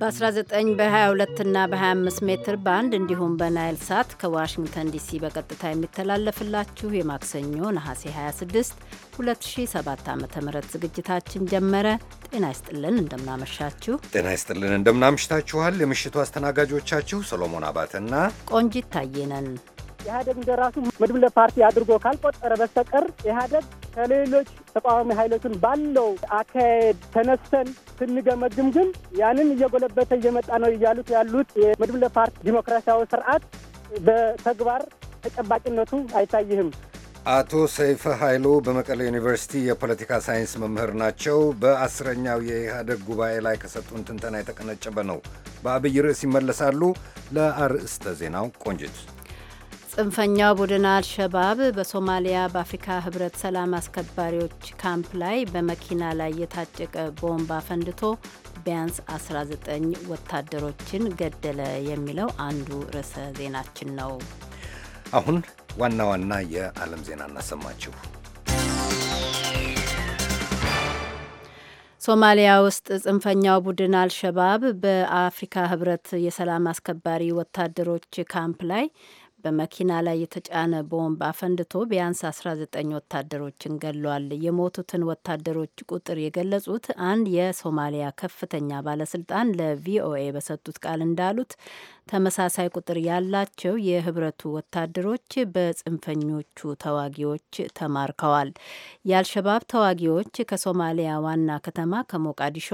በ19 በ22 እና በ25 ሜትር ባንድ እንዲሁም በናይል ሳት ከዋሽንግተን ዲሲ በቀጥታ የሚተላለፍላችሁ የማክሰኞ ነሐሴ 26 2007 ዓ ም ዝግጅታችን ጀመረ። ጤና ይስጥልን፣ እንደምናመሻችሁ። ጤና ይስጥልን፣ እንደምናምሽታችኋል። የምሽቱ አስተናጋጆቻችሁ ሰሎሞን አባተና ቆንጂት ታየነን። ኢህአዴግ እንደ ራሱ መድብለ ፓርቲ አድርጎ ካልቆጠረ በስተቀር ኢህአደግ ከሌሎች ተቃዋሚ ኃይሎችን ባለው አካሄድ ተነስተን ስንገመግም ግን ያንን እየጎለበተ እየመጣ ነው እያሉት ያሉት የመድብለ ፓርቲ ዲሞክራሲያዊ ስርዓት በተግባር ተጨባጭነቱ አይታይህም። አቶ ሰይፈ ኃይሉ በመቀለ ዩኒቨርሲቲ የፖለቲካ ሳይንስ መምህር ናቸው። በአስረኛው የኢህአደግ ጉባኤ ላይ ከሰጡን ትንተና የተቀነጨበ ነው። በአብይ ርዕስ ይመለሳሉ። ለአርእስተ ዜናው ቆንጅት ጽንፈኛው ቡድን አልሸባብ በሶማሊያ በአፍሪካ ህብረት ሰላም አስከባሪዎች ካምፕ ላይ በመኪና ላይ የታጨቀ ቦምብ አፈንድቶ ቢያንስ 19 ወታደሮችን ገደለ የሚለው አንዱ ርዕሰ ዜናችን ነው። አሁን ዋና ዋና የዓለም ዜና እናሰማችሁ። ሶማሊያ ውስጥ ጽንፈኛው ቡድን አልሸባብ በአፍሪካ ህብረት የሰላም አስከባሪ ወታደሮች ካምፕ ላይ በመኪና ላይ የተጫነ ቦምብ አፈንድቶ ቢያንስ 19 ወታደሮችን ገሏል። የሞቱትን ወታደሮች ቁጥር የገለጹት አንድ የሶማሊያ ከፍተኛ ባለስልጣን ለቪኦኤ በሰጡት ቃል እንዳሉት ተመሳሳይ ቁጥር ያላቸው የህብረቱ ወታደሮች በጽንፈኞቹ ተዋጊዎች ተማርከዋል። የአልሸባብ ተዋጊዎች ከሶማሊያ ዋና ከተማ ከሞቃዲሾ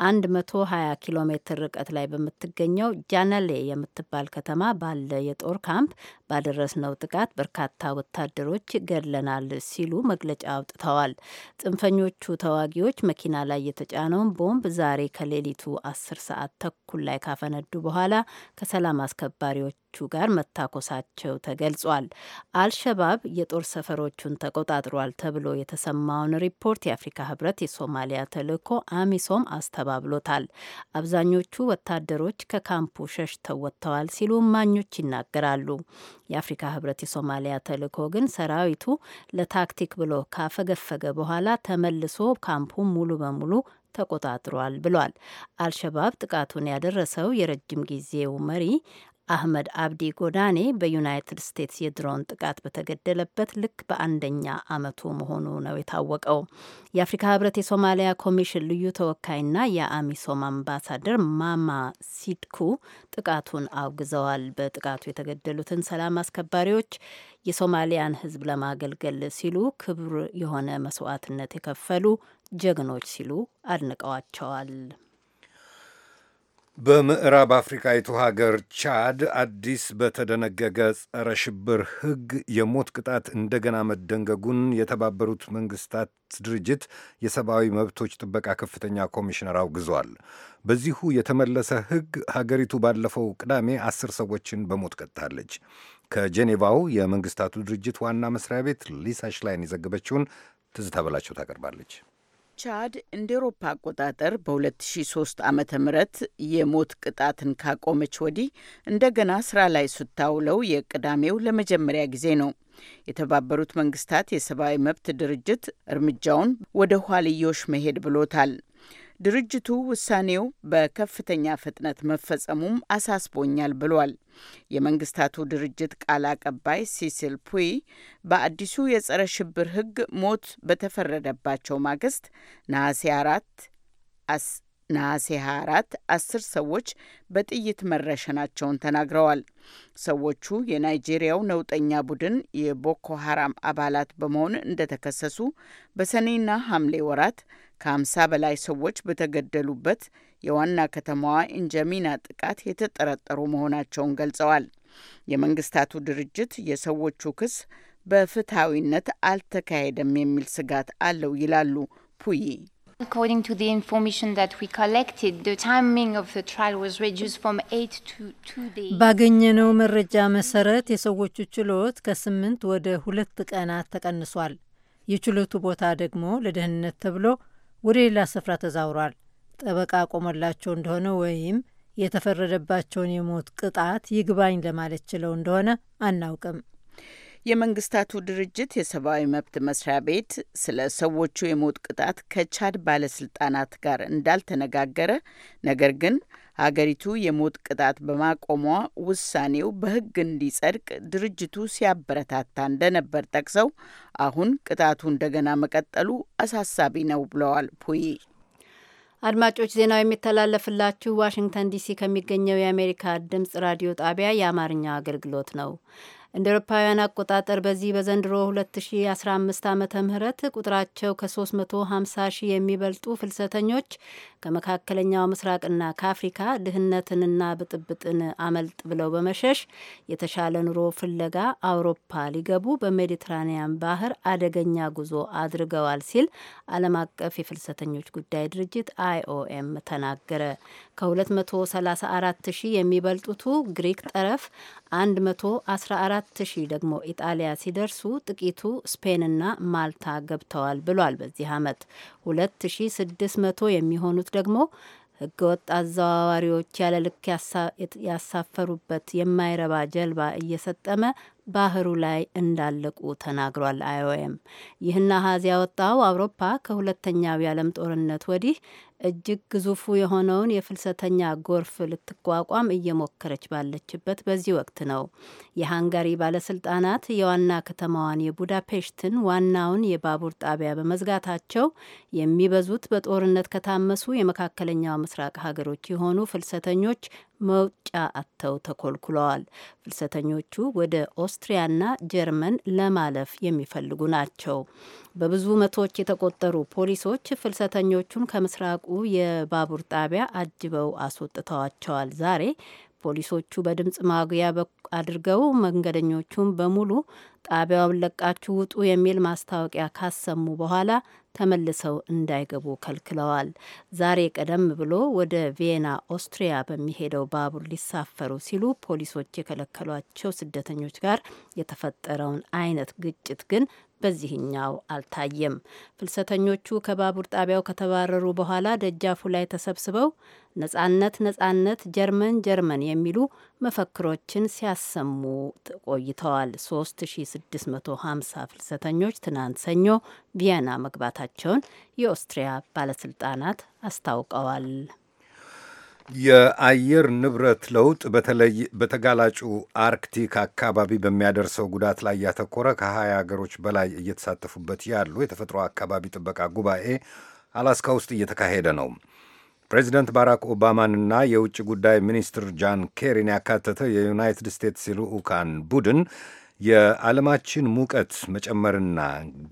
120 ኪሎ ሜትር ርቀት ላይ በምትገኘው ጃናሌ የምትባል ከተማ ባለ የጦር ካምፕ ባደረስነው ጥቃት በርካታ ወታደሮች ገድለናል ሲሉ መግለጫ አውጥተዋል። ጽንፈኞቹ ተዋጊዎች መኪና ላይ የተጫነውን ቦምብ ዛሬ ከሌሊቱ 10 ሰዓት ተኩል ላይ ካፈነዱ በኋላ ከሰላም አስከባሪዎች ከአጋሮቹ ጋር መታኮሳቸው ተገልጿል። አልሸባብ የጦር ሰፈሮቹን ተቆጣጥሯል ተብሎ የተሰማውን ሪፖርት የአፍሪካ ህብረት የሶማሊያ ተልእኮ አሚሶም አስተባብሎታል። አብዛኞቹ ወታደሮች ከካምፑ ሸሽተው ወጥተዋል ሲሉ እማኞች ይናገራሉ። የአፍሪካ ህብረት የሶማሊያ ተልእኮ ግን ሰራዊቱ ለታክቲክ ብሎ ካፈገፈገ በኋላ ተመልሶ ካምፑ ሙሉ በሙሉ ተቆጣጥሯል ብሏል። አልሸባብ ጥቃቱን ያደረሰው የረጅም ጊዜው መሪ አህመድ አብዲ ጎዳኔ በዩናይትድ ስቴትስ የድሮን ጥቃት በተገደለበት ልክ በአንደኛ ዓመቱ መሆኑ ነው የታወቀው። የአፍሪካ ህብረት የሶማሊያ ኮሚሽን ልዩ ተወካይና የአሚሶም አምባሳደር ማማ ሲድኩ ጥቃቱን አውግዘዋል። በጥቃቱ የተገደሉትን ሰላም አስከባሪዎች የሶማሊያን ህዝብ ለማገልገል ሲሉ ክቡር የሆነ መስዋዕትነት የከፈሉ ጀግኖች ሲሉ አድንቀዋቸዋል። በምዕራብ አፍሪካዊቱ ሀገር ቻድ አዲስ በተደነገገ ጸረ ሽብር ሕግ የሞት ቅጣት እንደገና መደንገጉን የተባበሩት መንግስታት ድርጅት የሰብአዊ መብቶች ጥበቃ ከፍተኛ ኮሚሽነር አውግዟል። በዚሁ የተመለሰ ሕግ ሀገሪቱ ባለፈው ቅዳሜ አስር ሰዎችን በሞት ቀጥታለች። ከጄኔቫው የመንግስታቱ ድርጅት ዋና መስሪያ ቤት ሊሳ ሽላይን የዘገበችውን ትዝታ በላቸው ታቀርባለች። ቻድ እንደ ኤሮፓ አቆጣጠር በ2003 ዓ ም የሞት ቅጣትን ካቆመች ወዲህ እንደገና ስራ ላይ ስታውለው የቅዳሜው ለመጀመሪያ ጊዜ ነው። የተባበሩት መንግስታት የሰብአዊ መብት ድርጅት እርምጃውን ወደ ኋልዮሽ መሄድ ብሎታል። ድርጅቱ ውሳኔው በከፍተኛ ፍጥነት መፈጸሙም አሳስቦኛል ብሏል። የመንግስታቱ ድርጅት ቃል አቀባይ ሲሲል ፑይ በአዲሱ የጸረ ሽብር ሕግ ሞት በተፈረደባቸው ማግስት ነሐሴ አራት ነሐሴ 24 አስር ሰዎች በጥይት መረሸናቸውን ተናግረዋል። ሰዎቹ የናይጄሪያው ነውጠኛ ቡድን የቦኮ ሀራም አባላት በመሆን እንደተከሰሱ በሰኔና ሐምሌ ወራት ከ50 በላይ ሰዎች በተገደሉበት የዋና ከተማዋ ኢንጀሚና ጥቃት የተጠረጠሩ መሆናቸውን ገልጸዋል። የመንግስታቱ ድርጅት የሰዎቹ ክስ በፍትሐዊነት አልተካሄደም የሚል ስጋት አለው ይላሉ ፑይ። ባገኘነው መረጃ መሰረት የሰዎቹ ችሎት ከስምንት ወደ ሁለት ቀናት ተቀንሷል። የችሎቱ ቦታ ደግሞ ለደህንነት ተብሎ ወደ ሌላ ስፍራ ተዛውሯል። ጠበቃ ቆመላቸው እንደሆነ ወይም የተፈረደባቸውን የሞት ቅጣት ይግባኝ ለማለት ችለው እንደሆነ አናውቅም። የመንግስታቱ ድርጅት የሰብአዊ መብት መስሪያ ቤት ስለ ሰዎቹ የሞት ቅጣት ከቻድ ባለስልጣናት ጋር እንዳልተነጋገረ ነገር ግን ሀገሪቱ የሞት ቅጣት በማቆሟ ውሳኔው በሕግ እንዲጸድቅ ድርጅቱ ሲያበረታታ እንደነበር ጠቅሰው አሁን ቅጣቱ እንደገና መቀጠሉ አሳሳቢ ነው ብለዋል ፑይ። አድማጮች ዜናው የሚተላለፍላችሁ ዋሽንግተን ዲሲ ከሚገኘው የአሜሪካ ድምጽ ራዲዮ ጣቢያ የአማርኛ አገልግሎት ነው። እንደ አውሮፓውያን አቆጣጠር በዚህ በዘንድሮ 2015 ዓ ም ቁጥራቸው ከ350 ሺህ የሚበልጡ ፍልሰተኞች ከመካከለኛው ምስራቅና ከአፍሪካ ድህነትንና ብጥብጥን አመልጥ ብለው በመሸሽ የተሻለ ኑሮ ፍለጋ አውሮፓ ሊገቡ በሜዲትራኒያን ባህር አደገኛ ጉዞ አድርገዋል ሲል ዓለም አቀፍ የፍልሰተኞች ጉዳይ ድርጅት አይኦኤም ተናገረ። ከ234 ሺህ የሚበልጡቱ ግሪክ ጠረፍ 114 ሺህ ደግሞ ኢጣሊያ ሲደርሱ ጥቂቱ ስፔንና ማልታ ገብተዋል ብሏል። በዚህ ዓመት 2600 የሚሆኑት ደግሞ ህገወጥ አዘዋዋሪዎች ያለልክ ያሳፈሩበት የማይረባ ጀልባ እየሰጠመ ባህሩ ላይ እንዳለቁ ተናግሯል። አይኦኤም ይህን አሀዝ ያወጣው አውሮፓ ከሁለተኛው የዓለም ጦርነት ወዲህ እጅግ ግዙፉ የሆነውን የፍልሰተኛ ጎርፍ ልትቋቋም እየሞከረች ባለችበት በዚህ ወቅት ነው የሃንጋሪ ባለስልጣናት የዋና ከተማዋን የቡዳፔሽትን ዋናውን የባቡር ጣቢያ በመዝጋታቸው የሚበዙት በጦርነት ከታመሱ የመካከለኛው ምስራቅ ሀገሮች የሆኑ ፍልሰተኞች መውጫ አጥተው ተኮልኩለዋል። ፍልሰተኞቹ ወደ ኦስትሪያና ጀርመን ለማለፍ የሚፈልጉ ናቸው። በብዙ መቶዎች የተቆጠሩ ፖሊሶች ፍልሰተኞቹን ከምስራቁ የባቡር ጣቢያ አጅበው አስወጥተዋቸዋል። ዛሬ ፖሊሶቹ በድምፅ ማጉያ አድርገው መንገደኞቹን በሙሉ ጣቢያውን ለቃችሁ ውጡ የሚል ማስታወቂያ ካሰሙ በኋላ ተመልሰው እንዳይገቡ ከልክለዋል። ዛሬ ቀደም ብሎ ወደ ቪየና ኦስትሪያ በሚሄደው ባቡር ሊሳፈሩ ሲሉ ፖሊሶች የከለከሏቸው ስደተኞች ጋር የተፈጠረውን አይነት ግጭት ግን በዚህኛው አልታየም። ፍልሰተኞቹ ከባቡር ጣቢያው ከተባረሩ በኋላ ደጃፉ ላይ ተሰብስበው ነጻነት፣ ነጻነት፣ ጀርመን፣ ጀርመን የሚሉ መፈክሮችን ሲያሰሙ ቆይተዋል። 3650 ፍልሰተኞች ትናንት ሰኞ ቪየና መግባታቸውን የኦስትሪያ ባለስልጣናት አስታውቀዋል። የአየር ንብረት ለውጥ በተለይ በተጋላጩ አርክቲክ አካባቢ በሚያደርሰው ጉዳት ላይ ያተኮረ ከሀያ ሀገሮች በላይ እየተሳተፉበት ያሉ የተፈጥሮ አካባቢ ጥበቃ ጉባኤ አላስካ ውስጥ እየተካሄደ ነው። ፕሬዚደንት ባራክ ኦባማንና የውጭ ጉዳይ ሚኒስትር ጃን ኬሪን ያካተተ የዩናይትድ ስቴትስ ልዑካን ቡድን የዓለማችን ሙቀት መጨመርና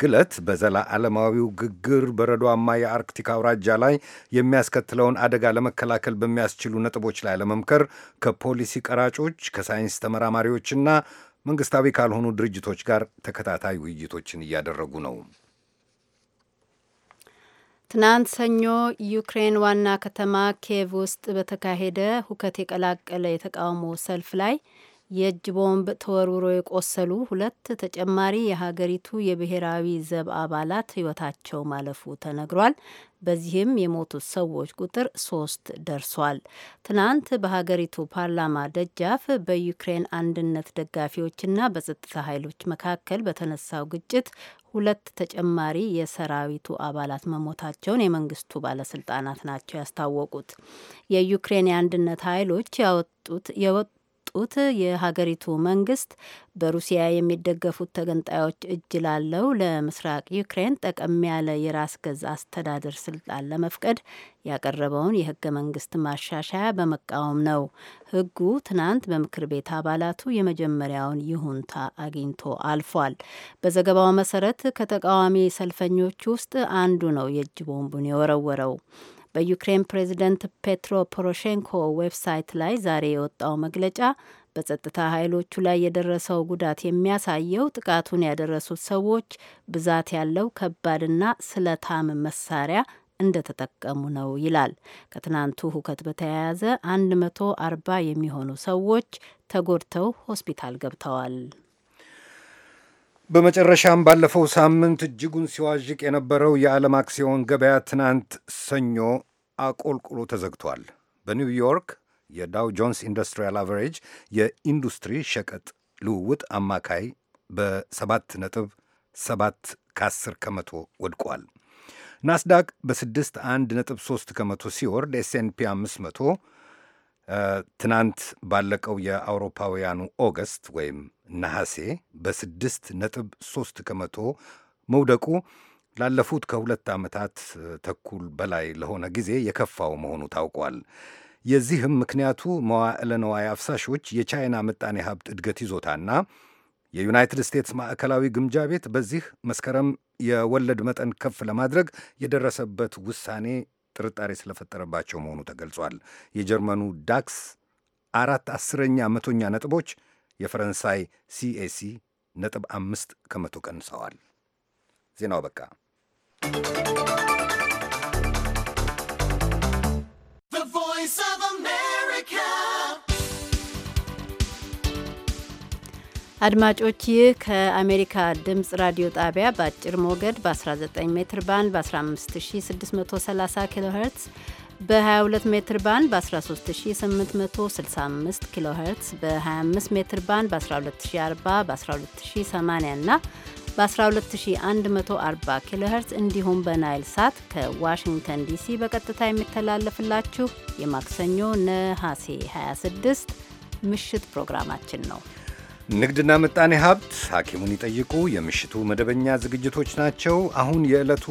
ግለት በዘላ ዓለማዊው ግግር በረዷማ የአርክቲክ አውራጃ ላይ የሚያስከትለውን አደጋ ለመከላከል በሚያስችሉ ነጥቦች ላይ ለመምከር ከፖሊሲ ቀራጮች፣ ከሳይንስ ተመራማሪዎችና መንግስታዊ ካልሆኑ ድርጅቶች ጋር ተከታታይ ውይይቶችን እያደረጉ ነው። ትናንት ሰኞ ዩክሬን ዋና ከተማ ኪየቭ ውስጥ በተካሄደ ሁከት የቀላቀለ የተቃውሞ ሰልፍ ላይ የእጅ ቦምብ ተወርውሮ የቆሰሉ ሁለት ተጨማሪ የሀገሪቱ የብሔራዊ ዘብ አባላት ሕይወታቸው ማለፉ ተነግሯል። በዚህም የሞቱት ሰዎች ቁጥር ሶስት ደርሷል። ትናንት በሀገሪቱ ፓርላማ ደጃፍ በዩክሬን አንድነት ደጋፊዎችና በጸጥታ ኃይሎች መካከል በተነሳው ግጭት ሁለት ተጨማሪ የሰራዊቱ አባላት መሞታቸውን የመንግስቱ ባለስልጣናት ናቸው ያስታወቁት። የዩክሬን የአንድነት ኃይሎች ያወጡት የሰጡት የሀገሪቱ መንግስት በሩሲያ የሚደገፉት ተገንጣዮች እጅ ላለው ለምስራቅ ዩክሬን ጠቀም ያለ የራስ ገዝ አስተዳደር ስልጣን ለመፍቀድ ያቀረበውን የህገ መንግስት ማሻሻያ በመቃወም ነው። ህጉ ትናንት በምክር ቤት አባላቱ የመጀመሪያውን ይሁንታ አግኝቶ አልፏል። በዘገባው መሰረት ከተቃዋሚ ሰልፈኞች ውስጥ አንዱ ነው የእጅ ቦምቡን የወረወረው። በዩክሬን ፕሬዚደንት ፔትሮ ፖሮሼንኮ ዌብሳይት ላይ ዛሬ የወጣው መግለጫ በጸጥታ ኃይሎቹ ላይ የደረሰው ጉዳት የሚያሳየው ጥቃቱን ያደረሱት ሰዎች ብዛት ያለው ከባድና ስለታም መሳሪያ እንደተጠቀሙ ነው ይላል። ከትናንቱ ሁከት በተያያዘ 140 የሚሆኑ ሰዎች ተጎድተው ሆስፒታል ገብተዋል። በመጨረሻም ባለፈው ሳምንት እጅጉን ሲዋዥቅ የነበረው የዓለም አክሲዮን ገበያ ትናንት ሰኞ አቆልቁሎ ተዘግቷል። በኒውዮርክ የዳው ጆንስ ኢንዱስትሪያል አቨሬጅ የኢንዱስትሪ ሸቀጥ ልውውጥ አማካይ በሰባት ነጥብ ሰባት ከአስር ከመቶ ወድቋል። ናስዳቅ በስድስት አንድ ነጥብ ሶስት ከመቶ ሲወርድ ኤስኤንፒ አምስት መቶ ትናንት ባለቀው የአውሮፓውያኑ ኦገስት ወይም ነሐሴ በስድስት ነጥብ ሶስት ከመቶ መውደቁ ላለፉት ከሁለት ዓመታት ተኩል በላይ ለሆነ ጊዜ የከፋው መሆኑ ታውቋል። የዚህም ምክንያቱ መዋዕለ ነዋይ አፍሳሾች የቻይና ምጣኔ ሀብት እድገት ይዞታና የዩናይትድ ስቴትስ ማዕከላዊ ግምጃ ቤት በዚህ መስከረም የወለድ መጠን ከፍ ለማድረግ የደረሰበት ውሳኔ ጥርጣሬ ስለፈጠረባቸው መሆኑ ተገልጿል። የጀርመኑ ዳክስ አራት አስረኛ መቶኛ ነጥቦች የፈረንሳይ ሲኤሲ ነጥብ አምስት ከመቶ ቀንሰዋል። ዜናው በቃ። አድማጮች ይህ ከአሜሪካ ድምፅ ራዲዮ ጣቢያ በአጭር ሞገድ በ19 ሜትር ባንድ በ15630 ኪሎ ሄርትስ በ22 ሜትር ባንድ በ13865 ኪሎ ሄርትስ በ25 ሜትር ባንድ በ12040 በ12080 እና በ12140 ኪሎ ሄርትስ እንዲሁም በናይል ሳት ከዋሽንግተን ዲሲ በቀጥታ የሚተላለፍላችሁ የማክሰኞ ነሐሴ 26 ምሽት ፕሮግራማችን ነው። ንግድና ምጣኔ ሀብት፣ ሐኪሙን ይጠይቁ የምሽቱ መደበኛ ዝግጅቶች ናቸው። አሁን የዕለቱ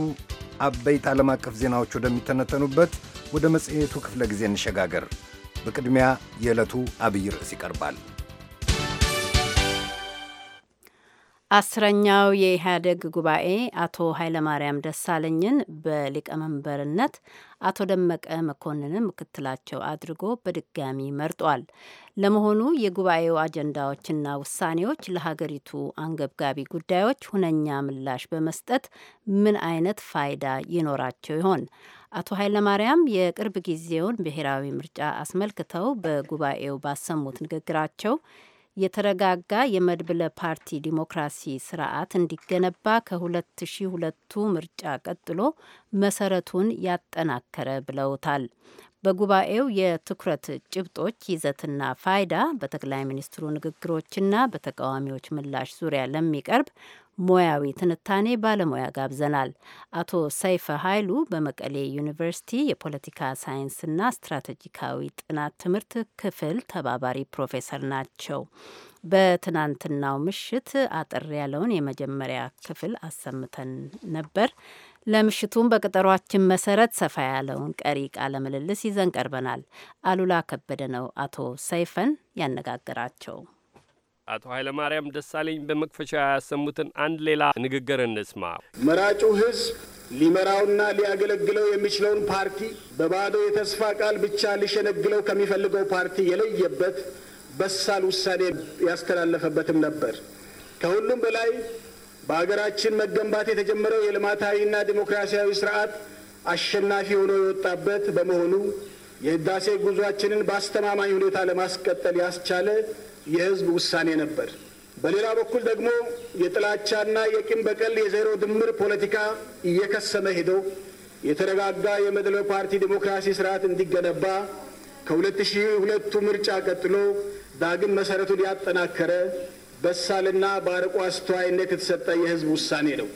አበይት ዓለም አቀፍ ዜናዎች ወደሚተነተኑበት ወደ መጽሔቱ ክፍለ ጊዜ እንሸጋገር። በቅድሚያ የዕለቱ አብይ ርዕስ ይቀርባል። አስረኛው የኢህአዴግ ጉባኤ አቶ ኃይለማርያም ደሳለኝን በሊቀመንበርነት አቶ ደመቀ መኮንንን ምክትላቸው አድርጎ በድጋሚ መርጧል። ለመሆኑ የጉባኤው አጀንዳዎችና ውሳኔዎች ለሀገሪቱ አንገብጋቢ ጉዳዮች ሁነኛ ምላሽ በመስጠት ምን አይነት ፋይዳ ይኖራቸው ይሆን? አቶ ኃይለማርያም የቅርብ ጊዜውን ብሔራዊ ምርጫ አስመልክተው በጉባኤው ባሰሙት ንግግራቸው የተረጋጋ የመድብለ ፓርቲ ዲሞክራሲ ስርዓት እንዲገነባ ከ 2002 ምርጫ ቀጥሎ መሰረቱን ያጠናከረ ብለውታል። በጉባኤው የትኩረት ጭብጦች ይዘትና ፋይዳ በጠቅላይ ሚኒስትሩ ንግግሮችና በተቃዋሚዎች ምላሽ ዙሪያ ለሚቀርብ ሙያዊ ትንታኔ ባለሙያ ጋብዘናል። አቶ ሰይፈ ኃይሉ በመቀሌ ዩኒቨርሲቲ የፖለቲካ ሳይንስና ስትራቴጂካዊ ጥናት ትምህርት ክፍል ተባባሪ ፕሮፌሰር ናቸው። በትናንትናው ምሽት አጠር ያለውን የመጀመሪያ ክፍል አሰምተን ነበር። ለምሽቱም በቀጠሯችን መሰረት ሰፋ ያለውን ቀሪ ቃለ ምልልስ ይዘን ቀርበናል። አሉላ ከበደ ነው አቶ ሰይፈን ያነጋገራቸው። አቶ ኃይለማርያም ደሳለኝ በመክፈቻ ያሰሙትን አንድ ሌላ ንግግር እንስማ። መራጩ ህዝብ ሊመራውና ሊያገለግለው የሚችለውን ፓርቲ በባዶ የተስፋ ቃል ብቻ ሊሸነግለው ከሚፈልገው ፓርቲ የለየበት በሳል ውሳኔ ያስተላለፈበትም ነበር። ከሁሉም በላይ በሀገራችን መገንባት የተጀመረው የልማታዊና ዲሞክራሲያዊ ስርዓት አሸናፊ ሆኖ የወጣበት በመሆኑ የህዳሴ ጉዟችንን በአስተማማኝ ሁኔታ ለማስቀጠል ያስቻለ የህዝብ ውሳኔ ነበር። በሌላ በኩል ደግሞ የጥላቻና የቂም በቀል የዜሮ ድምር ፖለቲካ እየከሰመ ሄዶ የተረጋጋ የመድበለ ፓርቲ ዲሞክራሲ ስርዓት እንዲገነባ ከሁለት ሺህ ሁለቱ ምርጫ ቀጥሎ ዳግም መሰረቱን ያጠናከረ በሳልና በአርቆ አስተዋይነት የተሰጠ የህዝብ ውሳኔ ነው።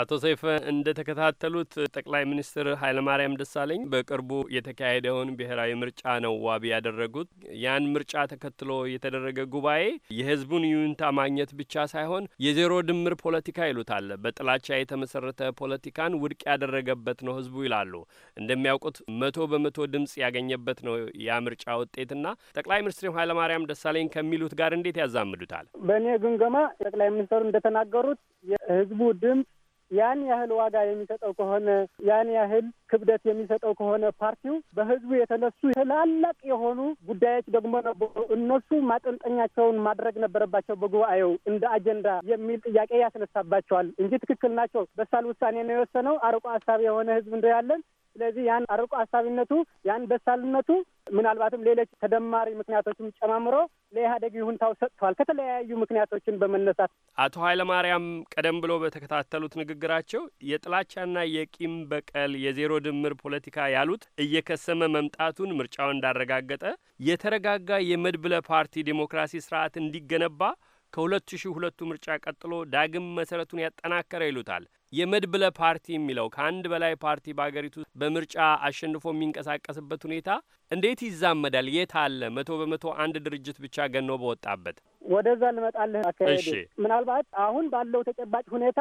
አቶ ሰይፈ እንደ ተከታተሉት ጠቅላይ ሚኒስትር ኃይለማርያም ደሳለኝ በቅርቡ የተካሄደውን ብሔራዊ ምርጫ ነው ዋቢ ያደረጉት። ያን ምርጫ ተከትሎ የተደረገ ጉባኤ የህዝቡን ይሁንታ ማግኘት ብቻ ሳይሆን የዜሮ ድምር ፖለቲካ ይሉታል፣ በጥላቻ የተመሰረተ ፖለቲካን ውድቅ ያደረገበት ነው ህዝቡ ይላሉ። እንደሚያውቁት መቶ በመቶ ድምጽ ያገኘበት ነው ያ ምርጫ ውጤትና ጠቅላይ ሚኒስትር ኃይለማርያም ደሳለኝ ከሚሉት ጋር እንዴት ያዛምዱታል? በእኔ ግምገማ ጠቅላይ ሚኒስትሩ እንደተናገሩት የህዝቡ ድምጽ ያን ያህል ዋጋ የሚሰጠው ከሆነ ያን ያህል ክብደት የሚሰጠው ከሆነ ፓርቲው በህዝቡ የተነሱ ትላላቅ የሆኑ ጉዳዮች ደግሞ ነበሩ። እነሱ ማጠንጠኛቸውን ማድረግ ነበረባቸው በጉባኤው እንደ አጀንዳ የሚል ጥያቄ ያስነሳባቸዋል እንጂ ትክክል ናቸው። በሳል ውሳኔ ነው የወሰነው። አርቆ ሀሳብ የሆነ ህዝብ ያለን ስለዚህ ያን አርቆ አሳቢነቱ ያን በሳልነቱ ምናልባትም ሌሎች ተደማሪ ምክንያቶችም ጨማምሮ ለኢህአዴግ ይሁንታው ሰጥተዋል። ከተለያዩ ምክንያቶችን በመነሳት አቶ ኃይለማርያም ቀደም ብሎ በተከታተሉት ንግግራቸው የጥላቻና የቂም በቀል የዜሮ ድምር ፖለቲካ ያሉት እየከሰመ መምጣቱን ምርጫው እንዳረጋገጠ የተረጋጋ የመድብለ ፓርቲ ዴሞክራሲ ስርዓት እንዲገነባ ከሁለት ሺህ ሁለቱ ምርጫ ቀጥሎ ዳግም መሰረቱን ያጠናከረ ይሉታል። የመድብለ ፓርቲ የሚለው ከአንድ በላይ ፓርቲ በሀገሪቱ በምርጫ አሸንፎ የሚንቀሳቀስበት ሁኔታ እንዴት ይዛመዳል? የት አለ? መቶ በመቶ አንድ ድርጅት ብቻ ገኖ በወጣበት ወደዛ ልመጣልህ። አካሄድ ምናልባት አሁን ባለው ተጨባጭ ሁኔታ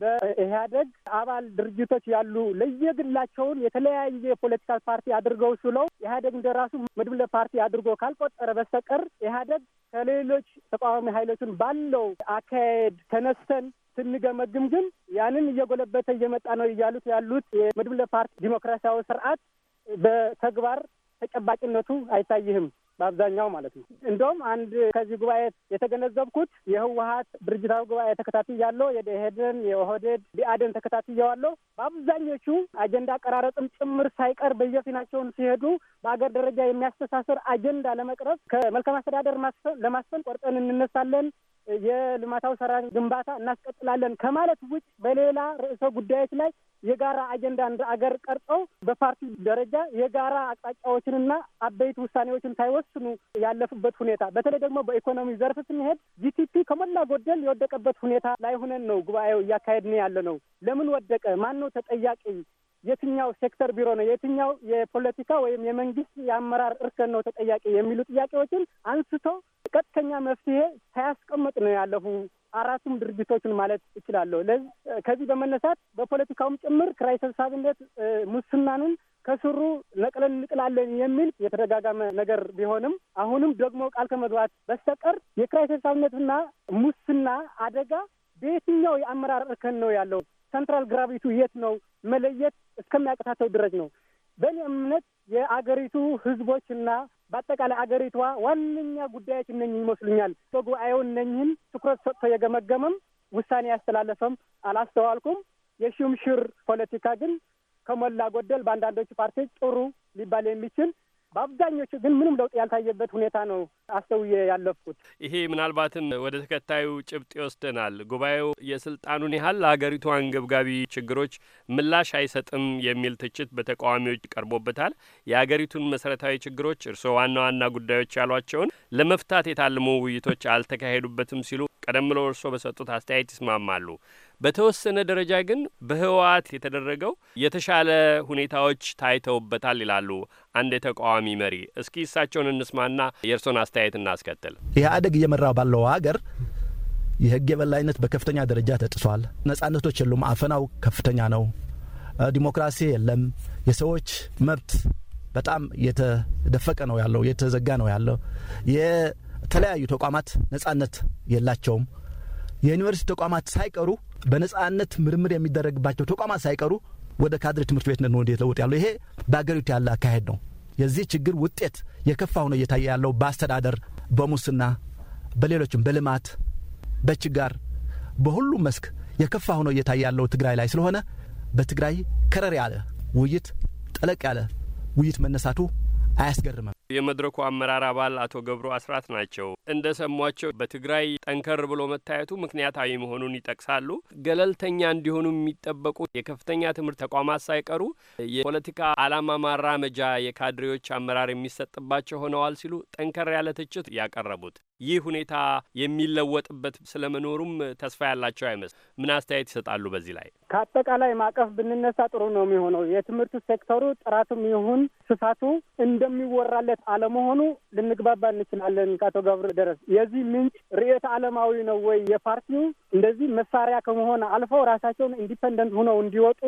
በኢህአደግ አባል ድርጅቶች ያሉ ለየግላቸውን የተለያየ የፖለቲካ ፓርቲ አድርገው ስለው ኢህአደግ እንደ ራሱ መድብለ ፓርቲ አድርጎ ካልቆጠረ በስተቀር ኢህአደግ ከሌሎች ተቃዋሚ ኃይሎችን ባለው አካሄድ ተነስተን ስንገመግም ግን ያንን እየጎለበተ እየመጣ ነው እያሉት ያሉት የመድብለ ፓርቲ ዲሞክራሲያዊ ስርዓት በተግባር ተጨባጭነቱ አይታይህም በአብዛኛው ማለት ነው። እንደውም አንድ ከዚህ ጉባኤ የተገነዘብኩት የህወሀት ድርጅታዊ ጉባኤ ተከታትያለሁ። የደኢህዴን፣ የኦህዴድ፣ ብአዴን ተከታትያዋለሁ። በአብዛኞቹ አጀንዳ አቀራረጥም ጭምር ሳይቀር በየፊናቸውን ሲሄዱ በአገር ደረጃ የሚያስተሳስር አጀንዳ ለመቅረብ ከመልካም አስተዳደር ለማስፈን ቆርጠን እንነሳለን የልማታዊ ሰራ ግንባታ እናስቀጥላለን ከማለት ውጭ በሌላ ርዕሰ ጉዳዮች ላይ የጋራ አጀንዳ እንደ አገር ቀርጸው በፓርቲ ደረጃ የጋራ አቅጣጫዎችንና አበይት ውሳኔዎችን ሳይወስኑ ያለፉበት ሁኔታ፣ በተለይ ደግሞ በኢኮኖሚ ዘርፍ ስንሄድ ጂቲፒ ከሞላ ጎደል የወደቀበት ሁኔታ ላይ ሁነን ነው ጉባኤው እያካሄድን ያለ ነው። ለምን ወደቀ? ማን ነው ተጠያቂ? የትኛው ሴክተር ቢሮ ነው የትኛው የፖለቲካ ወይም የመንግስት የአመራር እርከን ነው ተጠያቂ የሚሉ ጥያቄዎችን አንስቶ ቀጥተኛ መፍትሄ ሳያስቀምጥ ነው ያለፉ አራቱም ድርጅቶችን ማለት እችላለሁ። ከዚህ በመነሳት በፖለቲካውም ጭምር ኪራይ ሰብሳቢነት ሙስናንን ከስሩ ነቅለን እንጥላለን የሚል የተደጋጋመ ነገር ቢሆንም አሁንም ደግሞ ቃል ከመግባት በስተቀር የኪራይ ሰብሳቢነትና ሙስና አደጋ በየትኛው የአመራር እርከን ነው ያለው? ሰንትራል ግራቪቱ የት ነው? መለየት እስከሚያቅታቸው ድረጅ ነው። በእኔ እምነት የአገሪቱ ህዝቦችና በአጠቃላይ አገሪቷ ዋነኛ ጉዳዮች እነኝህ ይመስሉኛል። በጉባኤው እነኝህን ትኩረት ሰጥቶ የገመገመም ውሳኔ ያስተላለፈም አላስተዋልኩም። የሽምሽር ፖለቲካ ግን ከሞላ ጎደል በአንዳንዶቹ ፓርቲዎች ጥሩ ሊባል የሚችል በአብዛኞቹ ግን ምንም ለውጥ ያልታየበት ሁኔታ ነው አስተውዬ ያለፍኩት። ይሄ ምናልባትም ወደ ተከታዩ ጭብጥ ይወስደናል። ጉባኤው የስልጣኑን ያህል ለሀገሪቱ አንገብጋቢ ችግሮች ምላሽ አይሰጥም የሚል ትችት በተቃዋሚዎች ቀርቦበታል። የሀገሪቱን መሰረታዊ ችግሮች እርስዎ ዋና ዋና ጉዳዮች ያሏቸውን ለመፍታት የታለሙ ውይይቶች አልተካሄዱበትም ሲሉ ቀደም ብለው እርስዎ በሰጡት አስተያየት ይስማማሉ። በተወሰነ ደረጃ ግን በህወሓት የተደረገው የተሻለ ሁኔታዎች ታይተውበታል ይላሉ አንድ የተቃዋሚ መሪ። እስኪ እሳቸውን እንስማና የእርሶን አስተያየት እናስከትል። ኢህአዴግ እየመራ ባለው ሀገር የህግ የበላይነት በከፍተኛ ደረጃ ተጥሷል። ነጻነቶች የሉም። አፈናው ከፍተኛ ነው። ዲሞክራሲ የለም። የሰዎች መብት በጣም የተደፈቀ ነው ያለው፣ የተዘጋ ነው ያለው። የተለያዩ ተቋማት ነጻነት የላቸውም። የዩኒቨርሲቲ ተቋማት ሳይቀሩ በነጻነት ምርምር የሚደረግባቸው ተቋማት ሳይቀሩ ወደ ካድሬ ትምህርት ቤትነት ነው እንዴት ለውጥ ያለው ይሄ በአገሪቱ ያለ አካሄድ ነው። የዚህ ችግር ውጤት የከፋ ሆነ እየታየ ያለው በአስተዳደር፣ በሙስና፣ በሌሎችም በልማት፣ በችጋር በሁሉም መስክ የከፋ ሆኖ እየታየ ያለው ትግራይ ላይ ስለሆነ በትግራይ ከረር ያለ ውይይት ጠለቅ ያለ ውይይት መነሳቱ አያስገርምም። የመድረኩ አመራር አባል አቶ ገብሩ አስራት ናቸው። እንደ ሰሟቸው በትግራይ ጠንከር ብሎ መታየቱ ምክንያታዊ መሆኑን ይጠቅሳሉ። ገለልተኛ እንዲሆኑ የሚጠበቁ የከፍተኛ ትምህርት ተቋማት ሳይቀሩ የፖለቲካ ዓላማ ማራመጃ የካድሬዎች አመራር የሚሰጥባቸው ሆነዋል ሲሉ ጠንከር ያለ ትችት ያቀረቡት ይህ ሁኔታ የሚለወጥበት ስለመኖሩም ተስፋ ያላቸው አይመስል። ምን አስተያየት ይሰጣሉ? በዚህ ላይ ከአጠቃላይ ማዕቀፍ ብንነሳ ጥሩ ነው የሚሆነው። የትምህርቱ ሴክተሩ ጥራቱም ይሁን ስፋቱ እንደሚወራለት አለመሆኑ ልንግባባ እንችላለን። ከአቶ ገብረ ደረስ የዚህ ምንጭ ርዕዮተ ዓለማዊ ነው ወይ የፓርቲው እንደዚህ መሳሪያ ከመሆን አልፈው ራሳቸውን ኢንዲፐንደንት ሁነው እንዲወጡ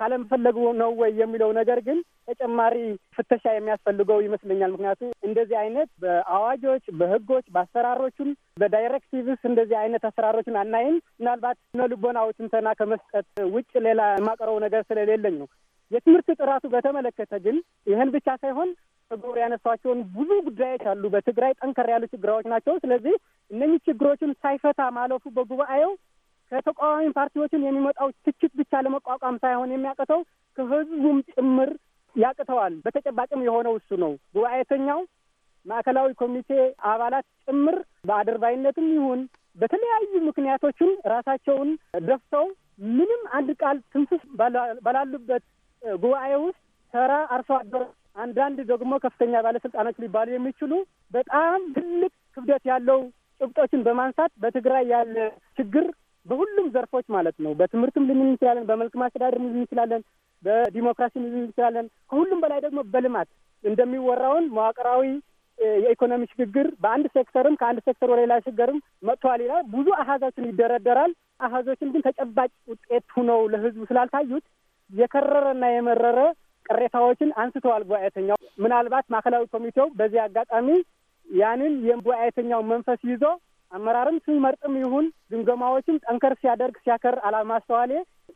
ካለመፈለጉ ነው ወይ የሚለው ነገር ግን ተጨማሪ ፍተሻ የሚያስፈልገው ይመስለኛል። ምክንያቱም እንደዚህ አይነት በአዋጆች፣ በህጎች፣ በአሰራሮቹም በዳይሬክቲቭስ እንደዚህ አይነት አሰራሮችን አናይም። ምናልባት ስነልቦናዊ ትንተና ከመስጠት ውጭ ሌላ የማቀረው ነገር ስለሌለኝ ነው። የትምህርት ጥራቱ በተመለከተ ግን ይህን ብቻ ሳይሆን ተጎር ያነሷቸውን ብዙ ጉዳዮች አሉ። በትግራይ ጠንከር ያሉ ችግራዎች ናቸው። ስለዚህ እነኚህ ችግሮችን ሳይፈታ ማለፉ በጉባኤው ከተቃዋሚ ፓርቲዎችን የሚመጣው ትችት ብቻ ለመቋቋም ሳይሆን የሚያቅተው ከህዝቡም ጭምር ያቅተዋል። በተጨባጭም የሆነው እሱ ነው። ጉባኤተኛው ማዕከላዊ ኮሚቴ አባላት ጭምር በአደርባይነትም ይሁን በተለያዩ ምክንያቶችን ራሳቸውን ደፍተው ምንም አንድ ቃል ትንፍስ ባላሉበት ጉባኤ ውስጥ ተራ አርሶ አደር፣ አንዳንድ ደግሞ ከፍተኛ ባለስልጣኖች ሊባሉ የሚችሉ በጣም ትልቅ ክብደት ያለው ጭብጦችን በማንሳት በትግራይ ያለ ችግር በሁሉም ዘርፎች ማለት ነው። በትምህርትም ልንል እንችላለን፣ በመልክ ማስተዳደር ልንል እንችላለን፣ በዲሞክራሲ ልንል እንችላለን። ከሁሉም በላይ ደግሞ በልማት እንደሚወራውን መዋቅራዊ የኢኮኖሚ ሽግግር በአንድ ሴክተርም ከአንድ ሴክተር ወደ ሌላ ሽግግርም መጥቷል ይላል። ብዙ አሀዞችን ይደረደራል። አሀዞችን ግን ተጨባጭ ውጤት ሁነው ለህዝቡ ስላልታዩት የከረረና የመረረ ቅሬታዎችን አንስተዋል ጉባኤተኛው። ምናልባት ማዕከላዊ ኮሚቴው በዚህ አጋጣሚ ያንን የጉባኤተኛው መንፈስ ይዞ አመራርም ሲመርጥም ይሁን ግምገማዎችም ጠንከር ሲያደርግ ሲያከር አለማስተዋሌ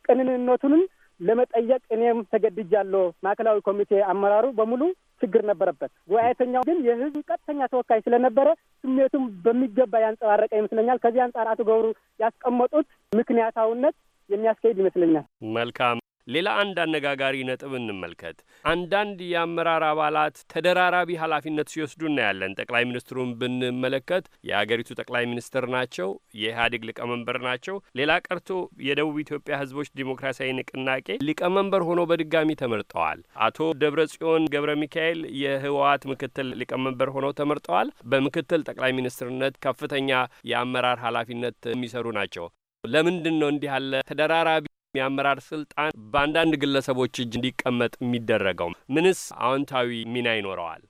ቅንንነቱንም ለመጠየቅ እኔም ተገድጃለሁ። ማዕከላዊ ኮሚቴ አመራሩ በሙሉ ችግር ነበረበት። ጉባኤተኛው ግን የህዝብ ቀጥተኛ ተወካይ ስለነበረ ስሜቱም በሚገባ ያንጸባረቀ ይመስለኛል። ከዚህ አንጻር አቶ ገብሩ ያስቀመጡት ምክንያታዊነት የሚያስካሄድ ይመስለኛል። መልካም ሌላ አንድ አነጋጋሪ ነጥብ እንመልከት። አንዳንድ የአመራር አባላት ተደራራቢ ኃላፊነት ሲወስዱ እናያለን። ጠቅላይ ሚኒስትሩን ብንመለከት የአገሪቱ ጠቅላይ ሚኒስትር ናቸው፣ የኢህአዴግ ሊቀመንበር ናቸው። ሌላ ቀርቶ የደቡብ ኢትዮጵያ ህዝቦች ዲሞክራሲያዊ ንቅናቄ ሊቀመንበር ሆነው በድጋሚ ተመርጠዋል። አቶ ደብረ ጽዮን ገብረ ሚካኤል የህወሓት ምክትል ሊቀመንበር ሆነው ተመርጠዋል። በምክትል ጠቅላይ ሚኒስትርነት ከፍተኛ የአመራር ኃላፊነት የሚሰሩ ናቸው። ለምንድን ነው እንዲህ ያለ ተደራራቢ የአመራር ስልጣን በአንዳንድ ግለሰቦች እጅ እንዲቀመጥ የሚደረገው ምንስ አዎንታዊ ሚና ይኖረዋል?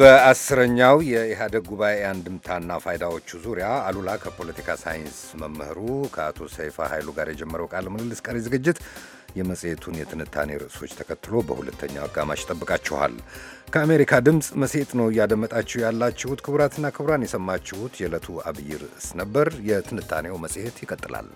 በአስረኛው የኢህአደግ ጉባኤ አንድምታና ፋይዳዎቹ ዙሪያ አሉላ ከፖለቲካ ሳይንስ መምህሩ ከአቶ ሰይፋ ኃይሉ ጋር የጀመረው ቃለ ምልልስ ቀሪ ዝግጅት የመጽሔቱን የትንታኔ ርዕሶች ተከትሎ በሁለተኛው አጋማሽ ጠብቃችኋል። ከአሜሪካ ድምፅ መጽሔት ነው እያደመጣችሁ ያላችሁት። ክቡራትና ክቡራን የሰማችሁት የዕለቱ አብይ ርዕስ ነበር። የትንታኔው መጽሔት ይቀጥላል።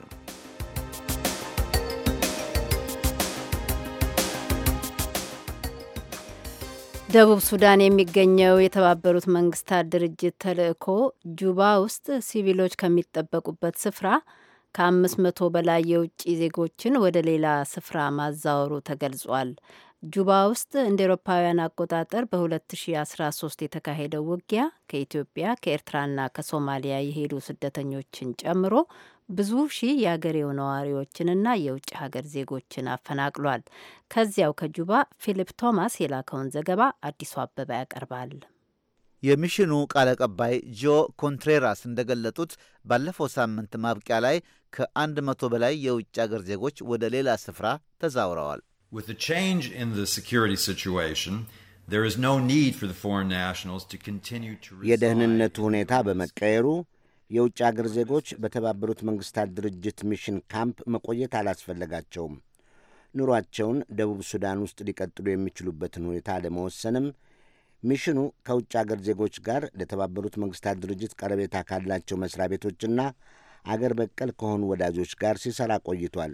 ደቡብ ሱዳን የሚገኘው የተባበሩት መንግስታት ድርጅት ተልእኮ ጁባ ውስጥ ሲቪሎች ከሚጠበቁበት ስፍራ ከአምስት መቶ በላይ የውጭ ዜጎችን ወደ ሌላ ስፍራ ማዛወሩ ተገልጿል። ጁባ ውስጥ እንደ ኤሮፓውያን አቆጣጠር በ2013 የተካሄደው ውጊያ ከኢትዮጵያ ከኤርትራና ከሶማሊያ የሄዱ ስደተኞችን ጨምሮ ብዙ ሺህ የአገሬው ነዋሪዎችንና የውጭ ሀገር ዜጎችን አፈናቅሏል። ከዚያው ከጁባ ፊሊፕ ቶማስ የላከውን ዘገባ አዲሱ አበባ ያቀርባል። የሚሽኑ ቃል አቀባይ ጆ ኮንትሬራስ እንደገለጡት ባለፈው ሳምንት ማብቂያ ላይ ከአንድ መቶ በላይ የውጭ አገር ዜጎች ወደ ሌላ ስፍራ ተዛውረዋል። የደህንነቱ ሁኔታ በመቀየሩ የውጭ አገር ዜጎች በተባበሩት መንግሥታት ድርጅት ሚሽን ካምፕ መቆየት አላስፈለጋቸውም። ኑሯቸውን ደቡብ ሱዳን ውስጥ ሊቀጥሉ የሚችሉበትን ሁኔታ ለመወሰንም ሚሽኑ ከውጭ አገር ዜጎች ጋር ለተባበሩት መንግሥታት ድርጅት ቀረቤታ ካላቸው መሥሪያ ቤቶችና አገር በቀል ከሆኑ ወዳጆች ጋር ሲሰራ ቆይቷል።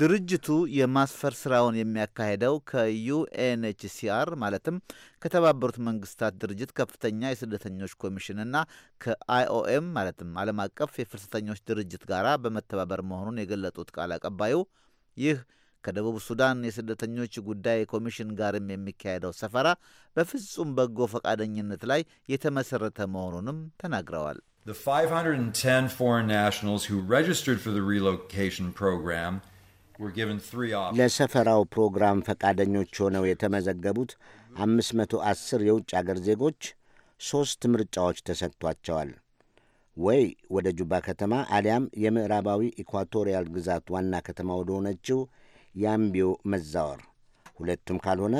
ድርጅቱ የማስፈር ስራውን የሚያካሄደው ከዩኤንኤችሲአር ማለትም ከተባበሩት መንግስታት ድርጅት ከፍተኛ የስደተኞች ኮሚሽንና ከአይኦኤም ማለትም ዓለም አቀፍ የፍልሰተኞች ድርጅት ጋር በመተባበር መሆኑን የገለጡት ቃል አቀባዩ ይህ ከደቡብ ሱዳን የስደተኞች ጉዳይ ኮሚሽን ጋርም የሚካሄደው ሰፈራ በፍጹም በጎ ፈቃደኝነት ላይ የተመሰረተ መሆኑንም ተናግረዋል። The 510 foreign nationals who registered for the relocation program were given three options. ለሰፈራው ፕሮግራም ፈቃደኞች ሆነው የተመዘገቡት 510 የውጭ አገር ዜጎች ሦስት ምርጫዎች ተሰጥቷቸዋል። ወይ ወደ ጁባ ከተማ አሊያም የምዕራባዊ ኢኳቶሪያል ግዛት ዋና ከተማ ወደሆነችው ያምቢዮ መዛወር፣ ሁለቱም ካልሆነ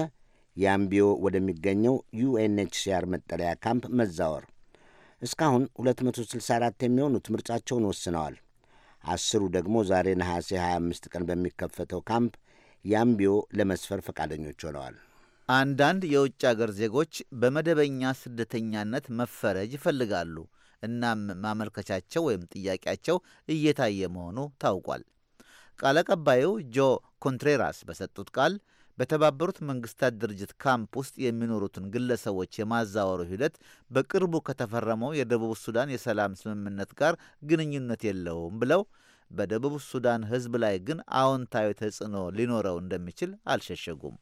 ያምቢዮ ወደሚገኘው ዩኤንኤችሲአር መጠለያ ካምፕ መዛወር እስካሁን 264 የሚሆኑት ምርጫቸውን ወስነዋል። አስሩ ደግሞ ዛሬ ነሐሴ 25 ቀን በሚከፈተው ካምፕ ያምቢዮ ለመስፈር ፈቃደኞች ሆነዋል። አንዳንድ የውጭ አገር ዜጎች በመደበኛ ስደተኛነት መፈረጅ ይፈልጋሉ። እናም ማመልከቻቸው ወይም ጥያቄያቸው እየታየ መሆኑ ታውቋል። ቃል አቀባዩ ጆ ኮንትሬራስ በሰጡት ቃል በተባበሩት መንግስታት ድርጅት ካምፕ ውስጥ የሚኖሩትን ግለሰቦች የማዛወሩ ሂደት በቅርቡ ከተፈረመው የደቡብ ሱዳን የሰላም ስምምነት ጋር ግንኙነት የለውም ብለው በደቡብ ሱዳን ሕዝብ ላይ ግን አዎንታዊ ተጽዕኖ ሊኖረው እንደሚችል አልሸሸጉም።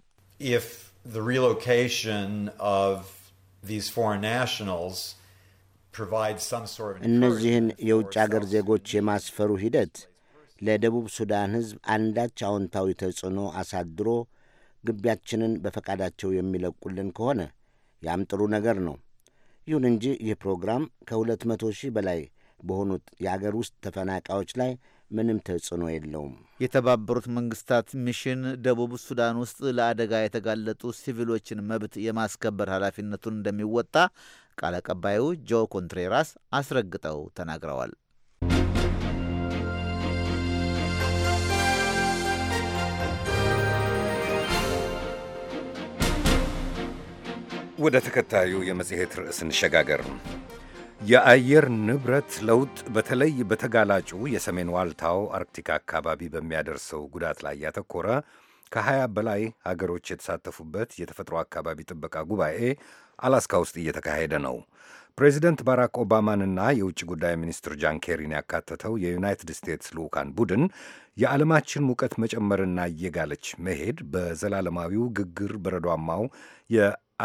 እነዚህን የውጭ አገር ዜጎች የማስፈሩ ሂደት ለደቡብ ሱዳን ሕዝብ አንዳች አዎንታዊ ተጽዕኖ አሳድሮ ግቢያችንን በፈቃዳቸው የሚለቁልን ከሆነ ያም ጥሩ ነገር ነው። ይሁን እንጂ ይህ ፕሮግራም ከሁለት መቶ ሺህ በላይ በሆኑት የአገር ውስጥ ተፈናቃዮች ላይ ምንም ተጽዕኖ የለውም። የተባበሩት መንግስታት ሚሽን ደቡብ ሱዳን ውስጥ ለአደጋ የተጋለጡ ሲቪሎችን መብት የማስከበር ኃላፊነቱን እንደሚወጣ ቃል አቀባዩ ጆ ኮንትሬራስ አስረግጠው ተናግረዋል። ወደ ተከታዩ የመጽሔት ርዕስ እንሸጋገር። የአየር ንብረት ለውጥ በተለይ በተጋላጩ የሰሜን ዋልታው አርክቲክ አካባቢ በሚያደርሰው ጉዳት ላይ ያተኮረ ከ20 በላይ ሀገሮች የተሳተፉበት የተፈጥሮ አካባቢ ጥበቃ ጉባኤ አላስካ ውስጥ እየተካሄደ ነው። ፕሬዚደንት ባራክ ኦባማንና የውጭ ጉዳይ ሚኒስትር ጃን ኬሪን ያካተተው የዩናይትድ ስቴትስ ልዑካን ቡድን የዓለማችን ሙቀት መጨመርና እየጋለች መሄድ በዘላለማዊው ግግር በረዷማው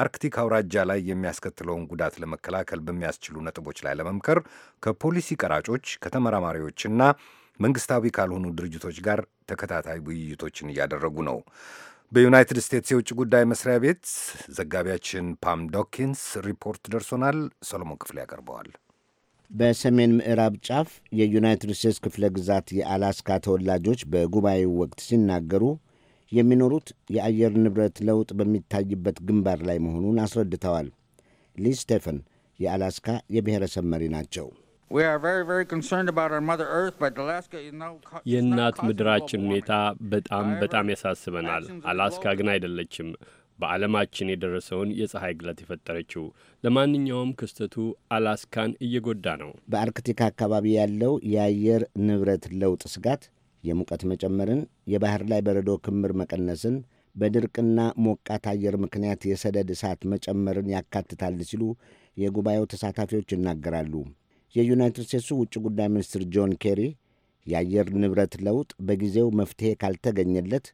አርክቲክ አውራጃ ላይ የሚያስከትለውን ጉዳት ለመከላከል በሚያስችሉ ነጥቦች ላይ ለመምከር ከፖሊሲ ቀራጮች ከተመራማሪዎችና መንግስታዊ ካልሆኑ ድርጅቶች ጋር ተከታታይ ውይይቶችን እያደረጉ ነው። በዩናይትድ ስቴትስ የውጭ ጉዳይ መስሪያ ቤት ዘጋቢያችን ፓም ዶኪንስ ሪፖርት ደርሶናል። ሰሎሞን ክፍሌ ያቀርበዋል። በሰሜን ምዕራብ ጫፍ የዩናይትድ ስቴትስ ክፍለ ግዛት የአላስካ ተወላጆች በጉባኤው ወቅት ሲናገሩ የሚኖሩት የአየር ንብረት ለውጥ በሚታይበት ግንባር ላይ መሆኑን አስረድተዋል። ሊ ስቴፈን የአላስካ የብሔረሰብ መሪ ናቸው። የእናት ምድራችን ሁኔታ በጣም በጣም ያሳስበናል። አላስካ ግን አይደለችም በዓለማችን የደረሰውን የፀሐይ ግለት የፈጠረችው። ለማንኛውም ክስተቱ አላስካን እየጎዳ ነው። በአርክቲክ አካባቢ ያለው የአየር ንብረት ለውጥ ስጋት የሙቀት መጨመርን፣ የባሕር ላይ በረዶ ክምር መቀነስን፣ በድርቅና ሞቃት አየር ምክንያት የሰደድ እሳት መጨመርን ያካትታል ሲሉ የጉባኤው ተሳታፊዎች ይናገራሉ። የዩናይትድ ስቴትሱ ውጭ ጉዳይ ሚኒስትር ጆን ኬሪ የአየር ንብረት ለውጥ በጊዜው መፍትሔ ካልተገኘለት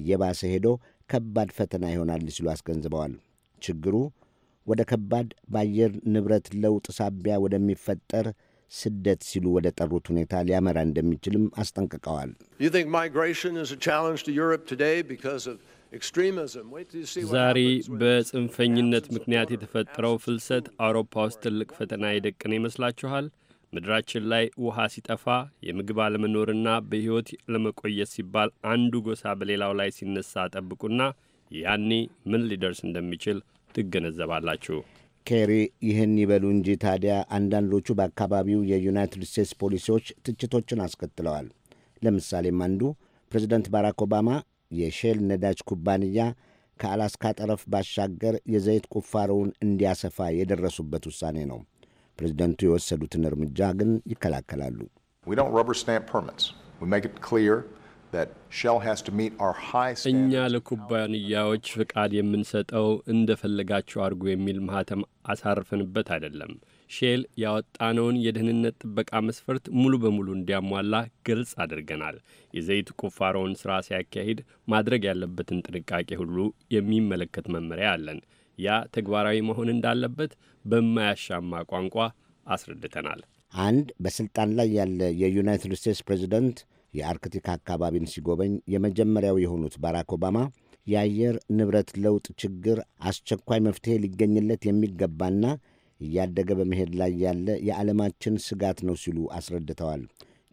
እየባሰ ሄዶ ከባድ ፈተና ይሆናል ሲሉ አስገንዝበዋል። ችግሩ ወደ ከባድ በአየር ንብረት ለውጥ ሳቢያ ወደሚፈጠር ስደት ሲሉ ወደ ጠሩት ሁኔታ ሊያመራ እንደሚችልም አስጠንቅቀዋል። ዛሬ በጽንፈኝነት ምክንያት የተፈጠረው ፍልሰት አውሮፓ ውስጥ ትልቅ ፈተና የደቀነ ይመስላችኋል? ምድራችን ላይ ውሃ ሲጠፋ የምግብ አለመኖርና በሕይወት ለመቆየት ሲባል አንዱ ጎሳ በሌላው ላይ ሲነሳ ጠብቁና ያኔ ምን ሊደርስ እንደሚችል ትገነዘባላችሁ። ኬሪ ይህን ይበሉ እንጂ ታዲያ አንዳንዶቹ በአካባቢው የዩናይትድ ስቴትስ ፖሊሲዎች ትችቶችን አስከትለዋል። ለምሳሌም አንዱ ፕሬዚደንት ባራክ ኦባማ የሼል ነዳጅ ኩባንያ ከአላስካ ጠረፍ ባሻገር የዘይት ቁፋሮውን እንዲያሰፋ የደረሱበት ውሳኔ ነው። ፕሬዚደንቱ የወሰዱትን እርምጃ ግን ይከላከላሉ። እኛ ለኩባንያዎች ፍቃድ የምንሰጠው እንደፈለጋቸው አድርጉ የሚል ማህተም አሳርፈንበት አይደለም። ሼል ያወጣነውን የደህንነት ጥበቃ መስፈርት ሙሉ በሙሉ እንዲያሟላ ግልጽ አድርገናል። የዘይት ቁፋሮውን ሥራ ሲያካሂድ ማድረግ ያለበትን ጥንቃቄ ሁሉ የሚመለከት መመሪያ አለን። ያ ተግባራዊ መሆን እንዳለበት በማያሻማ ቋንቋ አስረድተናል። አንድ በስልጣን ላይ ያለ የዩናይትድ ስቴትስ ፕሬዚደንት የአርክቲክ አካባቢን ሲጎበኝ የመጀመሪያው የሆኑት ባራክ ኦባማ የአየር ንብረት ለውጥ ችግር አስቸኳይ መፍትሄ ሊገኝለት የሚገባና እያደገ በመሄድ ላይ ያለ የዓለማችን ስጋት ነው ሲሉ አስረድተዋል።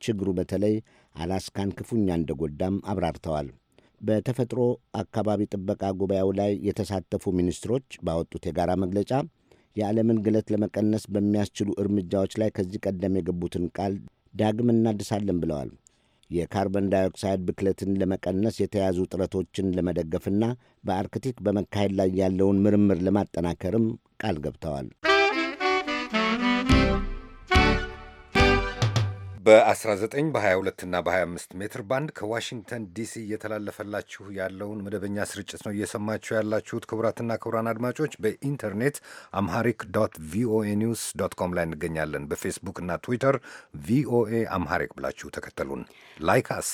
ችግሩ በተለይ አላስካን ክፉኛ እንደጎዳም አብራርተዋል። በተፈጥሮ አካባቢ ጥበቃ ጉባኤው ላይ የተሳተፉ ሚኒስትሮች ባወጡት የጋራ መግለጫ የዓለምን ግለት ለመቀነስ በሚያስችሉ እርምጃዎች ላይ ከዚህ ቀደም የገቡትን ቃል ዳግም እናድሳለን ብለዋል። የካርበን ዳይኦክሳይድ ብክለትን ለመቀነስ የተያዙ ጥረቶችን ለመደገፍና በአርክቲክ በመካሄድ ላይ ያለውን ምርምር ለማጠናከርም ቃል ገብተዋል። በ19 በ22 እና በ25 ሜትር ባንድ ከዋሽንግተን ዲሲ እየተላለፈላችሁ ያለውን መደበኛ ስርጭት ነው እየሰማችሁ ያላችሁት። ክቡራትና ክቡራን አድማጮች በኢንተርኔት አምሃሪክ ዶት ቪኦኤ ኒውስ ዶት ኮም ላይ እንገኛለን። በፌስቡክ እና ትዊተር ቪኦኤ አምሃሪክ ብላችሁ ተከተሉን፣ ላይካስ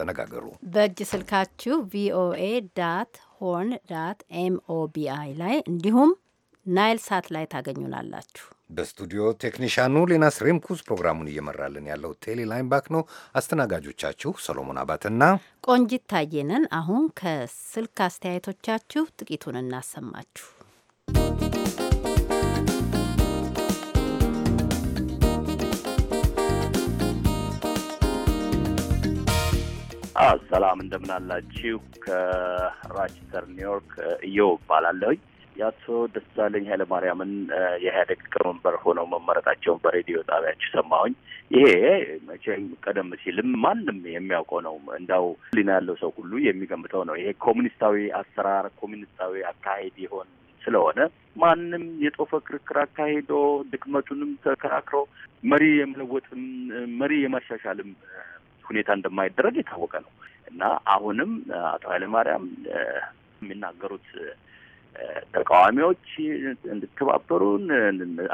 ተነጋገሩ። በእጅ ስልካችሁ ቪኦኤ ዳት ሆርን ዳት ኤምኦቢአይ ላይ እንዲሁም ናይል ሳት ላይ ታገኙናላችሁ። በስቱዲዮ ቴክኒሻኑ ሌናስ ሬምኩስ፣ ፕሮግራሙን እየመራልን ያለው ቴሌ ላይምባክ ነው። አስተናጋጆቻችሁ ሰሎሞን አባትና ቆንጂት ታየንን። አሁን ከስልክ አስተያየቶቻችሁ ጥቂቱን እናሰማችሁ። ሰላም እንደምናላችሁ። ከራችስተር ኒውዮርክ እየው እባላለሁኝ። የአቶ ደሳለኝ ኃይለማርያምን የኢህአዴግ ሊቀመንበር ሆነው መመረጣቸውን በሬዲዮ ጣቢያችሁ ሰማሁኝ። ይሄ መቼም ቀደም ሲልም ማንም የሚያውቀው ነው፣ እንዳው ሊና ያለው ሰው ሁሉ የሚገምተው ነው። ይሄ ኮሚኒስታዊ አሰራር ኮሚኒስታዊ አካሄድ ይሆን ስለሆነ ማንም የጦፈ ክርክር አካሄዶ ድክመቱንም ተከራክሮ መሪ የመለወጥም መሪ የማሻሻልም ሁኔታ እንደማይደረግ የታወቀ ነው እና አሁንም አቶ ኃይለማርያም የሚናገሩት ተቃዋሚዎች እንድተባበሩን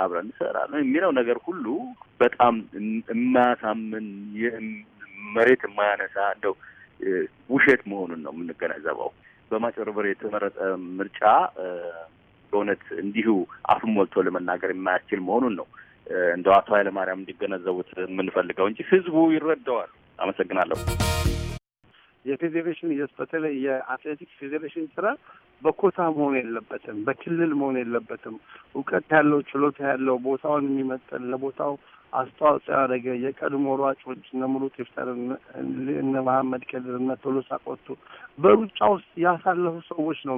አብረን እንሰራለን የሚለው ነገር ሁሉ በጣም የማያሳምን መሬት የማያነሳ እንደው ውሸት መሆኑን ነው የምንገነዘበው። በማጭበርበር የተመረጠ ምርጫ በእውነት እንዲሁ አፍም ሞልቶ ለመናገር የማያስችል መሆኑን ነው እንደው አቶ ኃይለማርያም እንዲገነዘቡት የምንፈልገው እንጂ ህዝቡ ይረዳዋል። አመሰግናለሁ። የፌዴሬሽን በተለይ የአትሌቲክስ ፌዴሬሽን ስራ በኮታ መሆን የለበትም፣ በክልል መሆን የለበትም። እውቀት ያለው ችሎታ ያለው ቦታውን የሚመጠን ለቦታው አስተዋጽኦ ያደረገ የቀድሞ ሯጮች እነ ሙሉት እነ መሐመድ ከድር፣ እነ ቶሎሳ ቆቱ በሩጫ ውስጥ ያሳለፉ ሰዎች ነው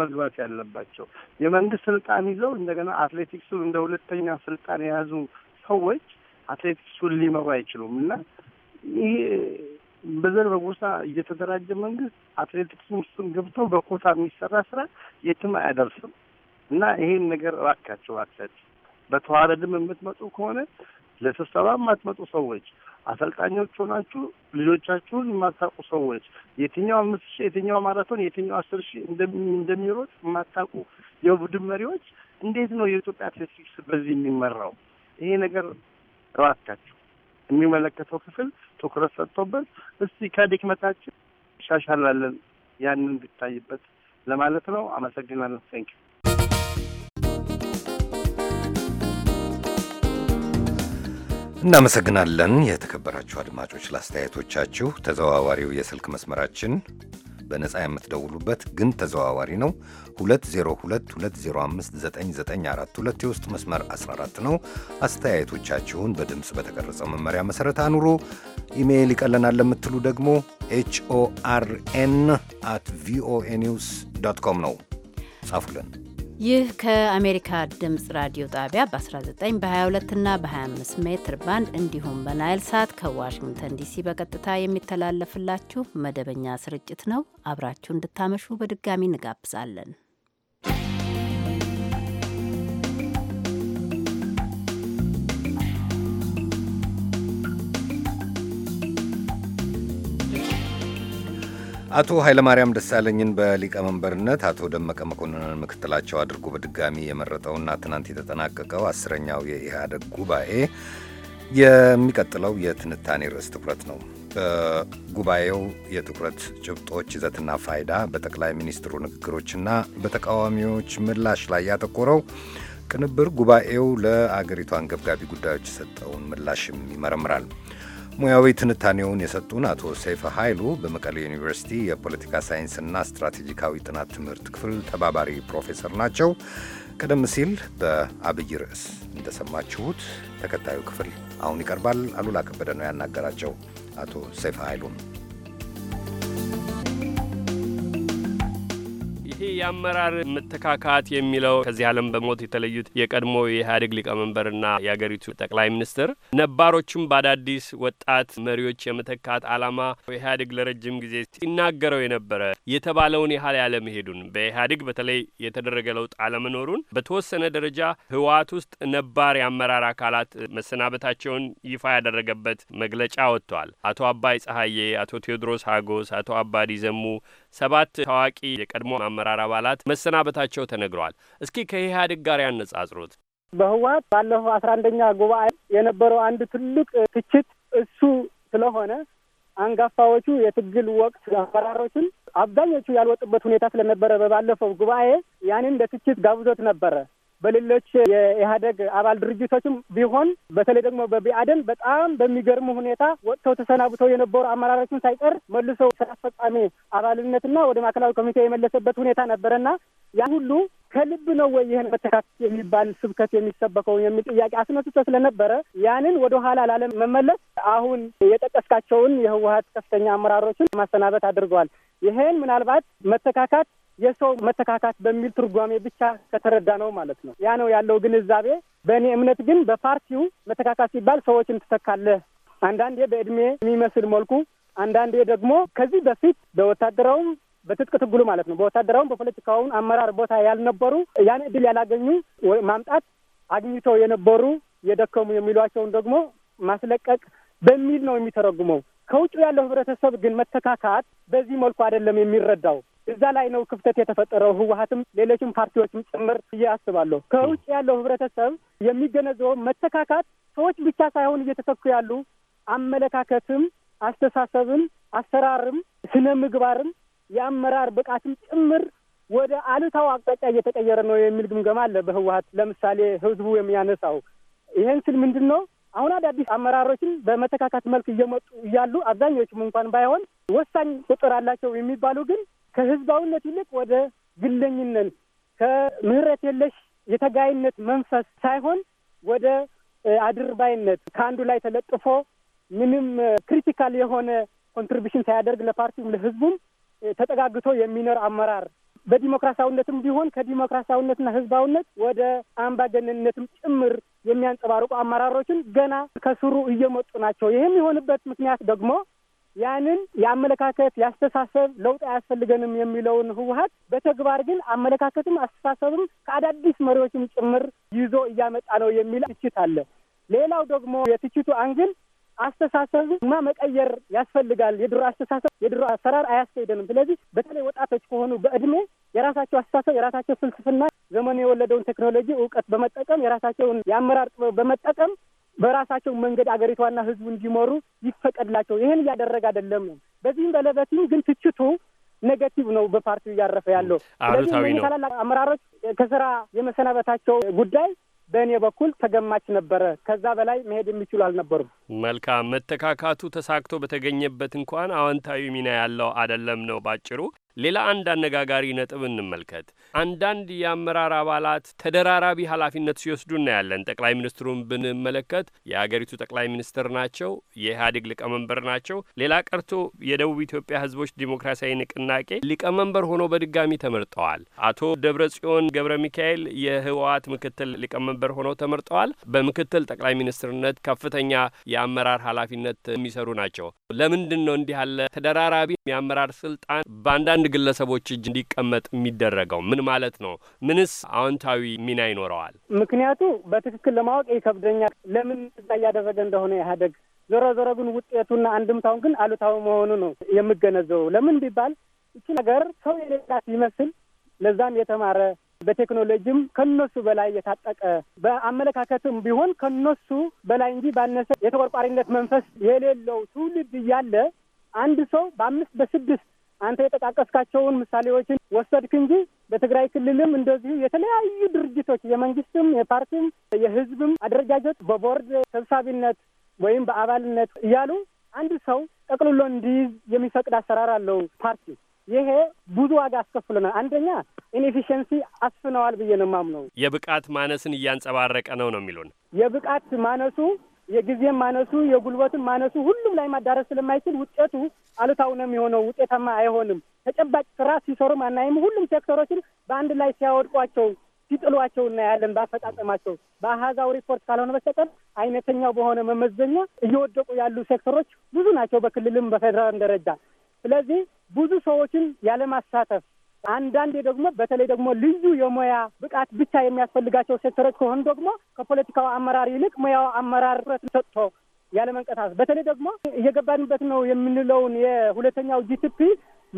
መግባት ያለባቸው። የመንግስት ስልጣን ይዘው እንደገና አትሌቲክሱን እንደ ሁለተኛ ስልጣን የያዙ ሰዎች አትሌቲክሱን ሊመሩ አይችሉም እና ይሄ በዘር በጎሳ እየተደራጀ መንግስት አትሌቲክስ ውስጥም ገብተው በኮታ የሚሰራ ስራ የትም አያደርስም እና ይሄን ነገር እባካችሁ እባካችሁ በተዋረድም የምትመጡ ከሆነ ለስብሰባ የማትመጡ ሰዎች አሰልጣኞች ሆናችሁ ልጆቻችሁን የማታውቁ ሰዎች የትኛው አምስት ሺህ የትኛው ማራቶን የትኛው አስር ሺህ እንደሚሮጥ የማታውቁ የቡድን መሪዎች እንዴት ነው የኢትዮጵያ አትሌቲክስ በዚህ የሚመራው? ይሄ ነገር እባካችሁ የሚመለከተው ክፍል ትኩረት ሰጥቶበት እስቲ ከድክመታችን ይሻሻላለን ያንን ቢታይበት ለማለት ነው። አመሰግናለን። ቴንክ ዩ። እናመሰግናለን የተከበራችሁ አድማጮች ለአስተያየቶቻችሁ። ተዘዋዋሪው የስልክ መስመራችን በነፃ የምትደውሉበት ግን ተዘዋዋሪ ነው። 2022059942 የውስጥ መስመር 14 ነው። አስተያየቶቻችሁን በድምፅ በተቀረጸው መመሪያ መሰረት አኑሮ። ኢሜይል ይቀለናል ለምትሉ ደግሞ ኤን አት ቪኦኤ ኒውስ ዶት ኮም ነው። ጻፉልን። ይህ ከአሜሪካ ድምፅ ራዲዮ ጣቢያ በ19 በ22 እና በ25 ሜትር ባንድ እንዲሁም በናይል ሳት ከዋሽንግተን ዲሲ በቀጥታ የሚተላለፍላችሁ መደበኛ ስርጭት ነው። አብራችሁ እንድታመሹ በድጋሚ እንጋብዛለን። አቶ ኃይለማርያም ደሳለኝን በሊቀመንበርነት አቶ ደመቀ መኮንንን ምክትላቸው አድርጎ በድጋሚ የመረጠውና ትናንት የተጠናቀቀው አስረኛው የኢህአደግ ጉባኤ የሚቀጥለው የትንታኔ ርዕስ ትኩረት ነው። በጉባኤው የትኩረት ጭብጦች ይዘትና ፋይዳ በጠቅላይ ሚኒስትሩ ንግግሮችና በተቃዋሚዎች ምላሽ ላይ ያተኮረው ቅንብር ጉባኤው ለአገሪቱ አንገብጋቢ ጉዳዮች የሰጠውን ምላሽም ይመረምራል። ሙያዊ ትንታኔውን የሰጡን አቶ ሰይፈ ኃይሉ በመቀሌ ዩኒቨርሲቲ የፖለቲካ ሳይንስና ስትራቴጂካዊ ጥናት ትምህርት ክፍል ተባባሪ ፕሮፌሰር ናቸው። ቀደም ሲል በአብይ ርዕስ እንደሰማችሁት ተከታዩ ክፍል አሁን ይቀርባል። አሉላ ከበደ ነው ያናገራቸው አቶ ሰይፈ ኃይሉን። የአመራር መተካካት የሚለው ከዚህ ዓለም በሞት የተለዩት የቀድሞ የኢህአዴግ ሊቀመንበርና የአገሪቱ ጠቅላይ ሚኒስትር ነባሮቹም በአዳዲስ ወጣት መሪዎች የመተካት ዓላማ ኢህአዴግ ለረጅም ጊዜ ሲናገረው የነበረ የተባለውን ያህል ያለመሄዱን በኢህአዴግ በተለይ የተደረገ ለውጥ አለመኖሩን በተወሰነ ደረጃ ህወሓት ውስጥ ነባር የአመራር አካላት መሰናበታቸውን ይፋ ያደረገበት መግለጫ ወጥቷል። አቶ አባይ ጸሐዬ፣ አቶ ቴዎድሮስ ሀጎስ፣ አቶ አባዲ ዘሙ ሰባት ታዋቂ የቀድሞ አመራር አባላት መሰናበታቸው ተነግረዋል። እስኪ ከኢህአዴግ ጋር ያነጻጽሩት። በህወሀት ባለፈው አስራ አንደኛ ጉባኤ የነበረው አንድ ትልቅ ትችት እሱ ስለሆነ አንጋፋዎቹ የትግል ወቅት አመራሮችን አብዛኞቹ ያልወጡበት ሁኔታ ስለነበረ በባለፈው ጉባኤ ያንን እንደ ትችት ጋብዞት ነበረ። በሌሎች የኢህአደግ አባል ድርጅቶችም ቢሆን በተለይ ደግሞ በቢአደን በጣም በሚገርም ሁኔታ ወጥተው ተሰናብተው የነበሩ አመራሮችን ሳይቀር መልሶ ስራ አስፈጻሚ አባልነትና ወደ ማዕከላዊ ኮሚቴ የመለሰበት ሁኔታ ነበረና ያ ሁሉ ከልብ ነው ወይ ይህን መተካት የሚባል ስብከት የሚሰበከው የሚል ጥያቄ አስነስቶ ስለነበረ ያንን ወደ ኋላ ላለመመለስ አሁን የጠቀስካቸውን የህወሀት ከፍተኛ አመራሮችን ማሰናበት አድርገዋል። ይህን ምናልባት መተካካት የሰው መተካካት በሚል ትርጓሜ ብቻ ከተረዳ ነው ማለት ነው። ያ ነው ያለው ግንዛቤ። በእኔ እምነት ግን በፓርቲው መተካካት ሲባል ሰዎችን ትተካለህ፣ አንዳንዴ በእድሜ የሚመስል መልኩ፣ አንዳንዴ ደግሞ ከዚህ በፊት በወታደራውም በትጥቅ ትግሉ ማለት ነው በወታደራውም በፖለቲካውም አመራር ቦታ ያልነበሩ ያን እድል ያላገኙ ማምጣት አግኝተው የነበሩ የደከሙ የሚሏቸውን ደግሞ ማስለቀቅ በሚል ነው የሚተረጉመው። ከውጭ ያለው ህብረተሰብ ግን መተካካት በዚህ መልኩ አይደለም የሚረዳው። እዛ ላይ ነው ክፍተት የተፈጠረው። ህወሀትም ሌሎችም ፓርቲዎችም ጭምር ብዬ አስባለሁ። ከውጭ ያለው ህብረተሰብ የሚገነዘበው መተካካት ሰዎች ብቻ ሳይሆን እየተተኩ ያሉ አመለካከትም፣ አስተሳሰብም፣ አሰራርም፣ ስነ ምግባርም የአመራር ብቃትም ጭምር ወደ አሉታው አቅጣጫ እየተቀየረ ነው የሚል ግምገማ አለ በህወሀት ለምሳሌ ህዝቡ የሚያነሳው ይህን ስል ምንድን ነው አሁን አዳዲስ አመራሮችን በመተካካት መልክ እየመጡ እያሉ አብዛኞቹም እንኳን ባይሆን ወሳኝ ቁጥር አላቸው የሚባሉ ግን ከህዝባዊነት ይልቅ ወደ ግለኝነት ከምህረት የለሽ የተጋይነት መንፈስ ሳይሆን ወደ አድርባይነት ከአንዱ ላይ ተለጥፎ ምንም ክሪቲካል የሆነ ኮንትሪቢሽን ሳያደርግ ለፓርቲውም ለህዝቡም ተጠጋግቶ የሚኖር አመራር በዲሞክራሲያዊነትም ቢሆን ከዲሞክራሲያዊነትና ህዝባዊነት ወደ አምባገነንነትም ጭምር የሚያንጸባርቁ አመራሮችን ገና ከስሩ እየመጡ ናቸው። ይህም የሆንበት ምክንያት ደግሞ ያንን የአመለካከት የአስተሳሰብ ለውጥ አያስፈልገንም የሚለውን ህወሀት በተግባር ግን አመለካከትም አስተሳሰብም ከአዳዲስ መሪዎችም ጭምር ይዞ እያመጣ ነው የሚል ትችት አለ። ሌላው ደግሞ የትችቱ አንግል አስተሳሰብማ መቀየር ያስፈልጋል። የድሮ አስተሳሰብ የድሮ አሰራር አያስኬደንም። ስለዚህ በተለይ ወጣቶች ከሆኑ በእድሜ የራሳቸው አስተሳሰብ የራሳቸው ፍልስፍና ዘመኑ የወለደውን ቴክኖሎጂ እውቀት በመጠቀም የራሳቸውን የአመራር ጥበብ በመጠቀም በራሳቸው መንገድ አገሪቷና ህዝቡ እንዲመሩ ይፈቀድላቸው። ይህን እያደረገ አይደለም በዚህም በለበትም ግን ትችቱ ኔጋቲቭ ነው። በፓርቲው እያረፈ ያለው ስለዚህ ታላላቅ አመራሮች ከስራ የመሰናበታቸው ጉዳይ በእኔ በኩል ተገማች ነበረ። ከዛ በላይ መሄድ የሚችሉ አልነበሩም። መልካም መተካካቱ ተሳክቶ በተገኘበት እንኳን አዎንታዊ ሚና ያለው አይደለም ነው ባጭሩ። ሌላ አንድ አነጋጋሪ ነጥብ እንመልከት። አንዳንድ የአመራር አባላት ተደራራቢ ኃላፊነት ሲወስዱ እናያለን። ጠቅላይ ሚኒስትሩን ብንመለከት የአገሪቱ ጠቅላይ ሚኒስትር ናቸው፣ የኢህአዴግ ሊቀመንበር ናቸው። ሌላ ቀርቶ የደቡብ ኢትዮጵያ ሕዝቦች ዲሞክራሲያዊ ንቅናቄ ሊቀመንበር ሆነው በድጋሚ ተመርጠዋል። አቶ ደብረ ጽዮን ገብረ ሚካኤል የህወሓት ምክትል ሊቀመንበር ሆነው ተመርጠዋል። በምክትል ጠቅላይ ሚኒስትርነት ከፍተኛ የአመራር ኃላፊነት የሚሰሩ ናቸው። ለምንድን ነው እንዲህ ያለ ተደራራቢ የአመራር ስልጣን በአንዳንድ በአንዳንድ ግለሰቦች እጅ እንዲቀመጥ የሚደረገው ምን ማለት ነው? ምንስ አዎንታዊ ሚና ይኖረዋል? ምክንያቱ በትክክል ለማወቅ ይከብደኛል፣ ለምን እዛ እያደረገ እንደሆነ ኢህአዴግ። ዞሮ ዞሮ ግን ውጤቱና አንድምታውን ግን አሉታዊ መሆኑ ነው የምገነዘበው። ለምን ቢባል እቺ ነገር ሰው የሌላት ይመስል ለዛም የተማረ በቴክኖሎጂም ከነሱ በላይ የታጠቀ በአመለካከትም ቢሆን ከነሱ በላይ እንጂ ባነሰ የተቆርቋሪነት መንፈስ የሌለው ትውልድ እያለ አንድ ሰው በአምስት በስድስት አንተ የጠቃቀስካቸውን ምሳሌዎችን ወሰድክ እንጂ በትግራይ ክልልም እንደዚሁ የተለያዩ ድርጅቶች የመንግስትም፣ የፓርቲም፣ የህዝብም አደረጃጀት በቦርድ ሰብሳቢነት ወይም በአባልነት እያሉ አንድ ሰው ጠቅልሎ እንዲይዝ የሚፈቅድ አሰራር አለው ፓርቲ። ይሄ ብዙ ዋጋ አስከፍሎናል። አንደኛ ኢንኤፊሽንሲ አስፍነዋል ብዬ ነው የማምነው። የብቃት ማነስን እያንጸባረቀ ነው ነው የሚሉን የብቃት ማነሱ የጊዜም ማነሱ የጉልበትም ማነሱ ሁሉም ላይ ማዳረስ ስለማይችል ውጤቱ አሉታው ነው የሚሆነው። ውጤታማ አይሆንም። ተጨባጭ ስራ ሲሰሩም አናይም። ሁሉም ሴክተሮችን በአንድ ላይ ሲያወድቋቸው ሲጥሏቸው እናያለን። በአፈጣጠማቸው በአሃዛው ሪፖርት ካልሆነ በስተቀር አይነተኛው በሆነ መመዘኛ እየወደቁ ያሉ ሴክተሮች ብዙ ናቸው፣ በክልልም በፌዴራልም ደረጃ። ስለዚህ ብዙ ሰዎችን ያለማሳተፍ አንዳንዴ ደግሞ በተለይ ደግሞ ልዩ የሙያ ብቃት ብቻ የሚያስፈልጋቸው ሴክተሮች ከሆኑ ደግሞ ከፖለቲካው አመራር ይልቅ ሙያው አመራር ትኩረት ሰጥቶ ያለመንቀሳቀስ በተለይ ደግሞ እየገባንበት ነው የምንለውን የሁለተኛው ጂቲፒ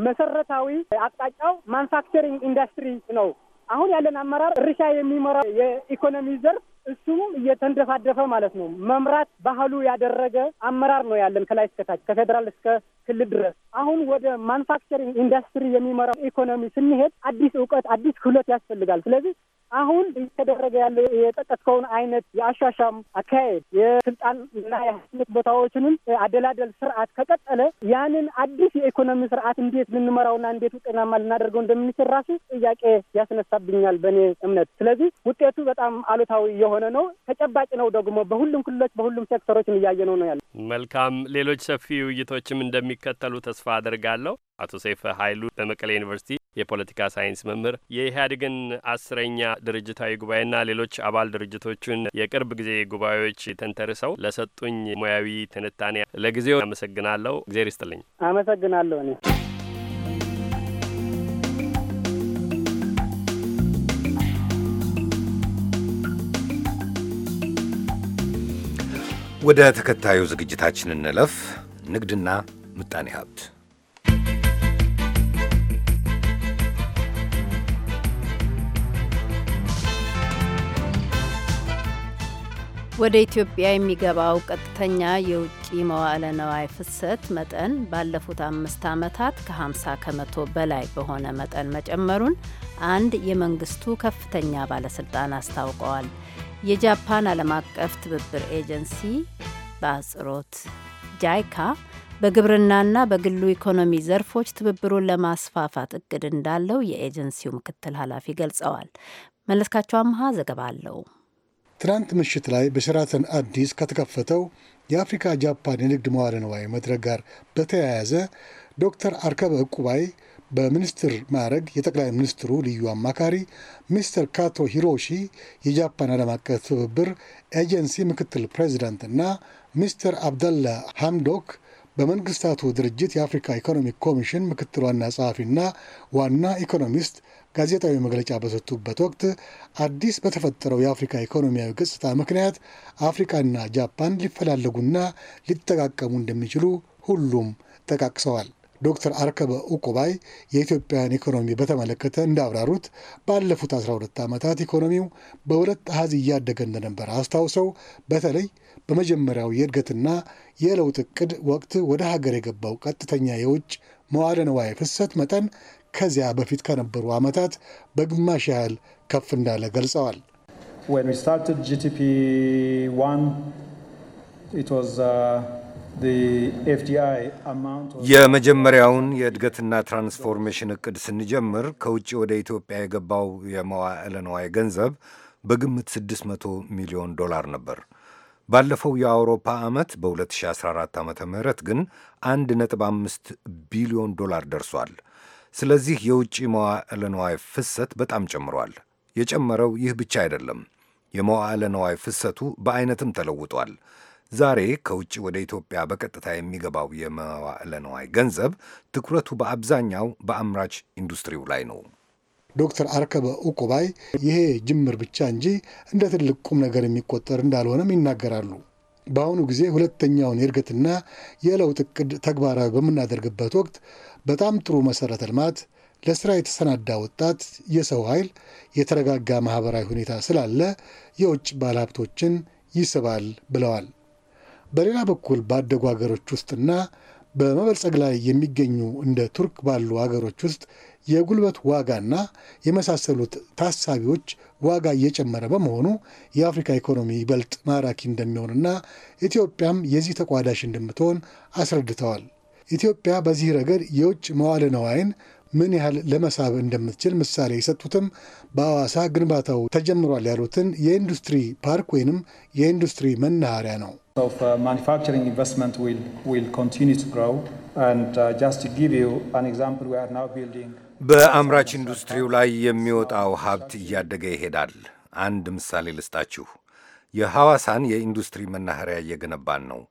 መሰረታዊ አቅጣጫው ማንፋክቸሪንግ ኢንዱስትሪ ነው። አሁን ያለን አመራር እርሻ የሚመራው የኢኮኖሚ ዘርፍ እሱም እየተንደፋደፈ ማለት ነው መምራት ባህሉ ያደረገ አመራር ነው ያለን ከላይ እስከታች ከፌዴራል እስከ ክልል ድረስ። አሁን ወደ ማኑፋክቸሪንግ ኢንዱስትሪ የሚመራው ኢኮኖሚ ስንሄድ አዲስ እውቀት፣ አዲስ ክህሎት ያስፈልጋል። ስለዚህ አሁን እየተደረገ ያለ የጠቀስከውን አይነት የአሻሻም አካሄድ እና የኃላፊነት ቦታዎችንም አደላደል ስርዓት ከቀጠለ ያንን አዲስ የኢኮኖሚ ስርዓት እንዴት ልንመራውና እንዴት ውጤናማ ልናደርገው እንደምንችል ራሱ ጥያቄ ያስነሳብኛል በእኔ እምነት። ስለዚህ ውጤቱ በጣም አሉታዊ እየሆነ የሆነ ነው፣ ተጨባጭ ነው ደግሞ በሁሉም ክልሎች በሁሉም ሴክተሮች እያየነው ነው ያለ። መልካም ሌሎች ሰፊ ውይይቶችም እንደሚከተሉ ተስፋ አድርጋለሁ። አቶ ሰይፈ ኃይሉ በመቀሌ ዩኒቨርሲቲ የፖለቲካ ሳይንስ መምህር የኢህአዴግን አስረኛ ድርጅታዊ ጉባኤና ሌሎች አባል ድርጅቶቹን የቅርብ ጊዜ ጉባኤዎች ተንተርሰው ለሰጡኝ ሙያዊ ትንታኔ ለጊዜው አመሰግናለሁ። እግዜር ይስጥልኝ። አመሰግናለሁ እኔ ወደ ተከታዩ ዝግጅታችን እንለፍ። ንግድና ምጣኔ ሀብት ወደ ኢትዮጵያ የሚገባው ቀጥተኛ የውጭ መዋዕለ ነዋይ ፍሰት መጠን ባለፉት አምስት ዓመታት ከ50 ከመቶ በላይ በሆነ መጠን መጨመሩን አንድ የመንግስቱ ከፍተኛ ባለስልጣን አስታውቀዋል። የጃፓን ዓለም አቀፍ ትብብር ኤጀንሲ በአጽሮት ጃይካ በግብርናና በግሉ ኢኮኖሚ ዘርፎች ትብብሩን ለማስፋፋት እቅድ እንዳለው የኤጀንሲው ምክትል ኃላፊ ገልጸዋል። መለስካቸው አምሃ ዘገባ አለው። ትናንት ምሽት ላይ በሸራተን አዲስ ከተከፈተው የአፍሪካ ጃፓን የንግድ መዋለ ንዋይ መድረክ ጋር በተያያዘ ዶክተር አርከበ እቁባይ በሚኒስትር ማዕረግ የጠቅላይ ሚኒስትሩ ልዩ አማካሪ ሚስተር ካቶ ሂሮሺ የጃፓን ዓለም አቀፍ ትብብር ኤጀንሲ ምክትል ፕሬዚዳንት እና ሚስተር አብደላ ሐምዶክ በመንግስታቱ ድርጅት የአፍሪካ ኢኮኖሚክ ኮሚሽን ምክትል ዋና ጸሐፊና ዋና ኢኮኖሚስት ጋዜጣዊ መግለጫ በሰጡበት ወቅት አዲስ በተፈጠረው የአፍሪካ ኢኮኖሚያዊ ገጽታ ምክንያት አፍሪካና ጃፓን ሊፈላለጉና ሊጠቃቀሙ እንደሚችሉ ሁሉም ጠቃቅሰዋል። ዶክተር አርከበ ኡቁባይ የኢትዮጵያን ኢኮኖሚ በተመለከተ እንዳብራሩት ባለፉት 12 ዓመታት ኢኮኖሚው በሁለት አሃዝ እያደገ እንደነበረ አስታውሰው በተለይ በመጀመሪያው የእድገትና የለውጥ እቅድ ወቅት ወደ ሀገር የገባው ቀጥተኛ የውጭ መዋለ ንዋይ ፍሰት መጠን ከዚያ በፊት ከነበሩ ዓመታት በግማሽ ያህል ከፍ እንዳለ ገልጸዋል። When 1, የመጀመሪያውን የእድገትና ትራንስፎርሜሽን እቅድ ስንጀምር ከውጭ ወደ ኢትዮጵያ የገባው የመዋዕለ ነዋይ ገንዘብ በግምት 600 ሚሊዮን ዶላር ነበር። ባለፈው የአውሮፓ ዓመት በ2014 ዓ ም ግን 1.5 ቢሊዮን ዶላር ደርሷል። ስለዚህ የውጭ መዋዕለ ነዋይ ፍሰት በጣም ጨምሯል። የጨመረው ይህ ብቻ አይደለም። የመዋዕለ ነዋይ ፍሰቱ በአይነትም ተለውጧል። ዛሬ ከውጭ ወደ ኢትዮጵያ በቀጥታ የሚገባው የመዋዕለ ነዋይ ገንዘብ ትኩረቱ በአብዛኛው በአምራች ኢንዱስትሪው ላይ ነው። ዶክተር አርከበ ኡቁባይ ይሄ ጅምር ብቻ እንጂ እንደ ትልቅ ቁም ነገር የሚቆጠር እንዳልሆነም ይናገራሉ። በአሁኑ ጊዜ ሁለተኛውን የእድገትና የለውጥ እቅድ ተግባራዊ በምናደርግበት ወቅት በጣም ጥሩ መሰረተ ልማት፣ ለስራ የተሰናዳ ወጣት፣ የሰው ኃይል፣ የተረጋጋ ማህበራዊ ሁኔታ ስላለ የውጭ ባለሀብቶችን ይስባል ብለዋል። በሌላ በኩል ባደጉ ሀገሮች ውስጥና በመበልጸግ ላይ የሚገኙ እንደ ቱርክ ባሉ ሀገሮች ውስጥ የጉልበት ዋጋና የመሳሰሉት ታሳቢዎች ዋጋ እየጨመረ በመሆኑ የአፍሪካ ኢኮኖሚ ይበልጥ ማራኪ እንደሚሆንና ኢትዮጵያም የዚህ ተቋዳሽ እንደምትሆን አስረድተዋል። ኢትዮጵያ በዚህ ረገድ የውጭ መዋለ ነዋይን ምን ያህል ለመሳብ እንደምትችል ምሳሌ የሰጡትም በአዋሳ ግንባታው ተጀምሯል ያሉትን የኢንዱስትሪ ፓርክ ወይንም የኢንዱስትሪ መናኸሪያ ነው። uh, uh, በአምራች ኢንዱስትሪው ላይ የሚወጣው ሀብት እያደገ ይሄዳል። አንድ ምሳሌ ልስጣችሁ። የሐዋሳን የኢንዱስትሪ መናኸሪያ እየገነባን ነው።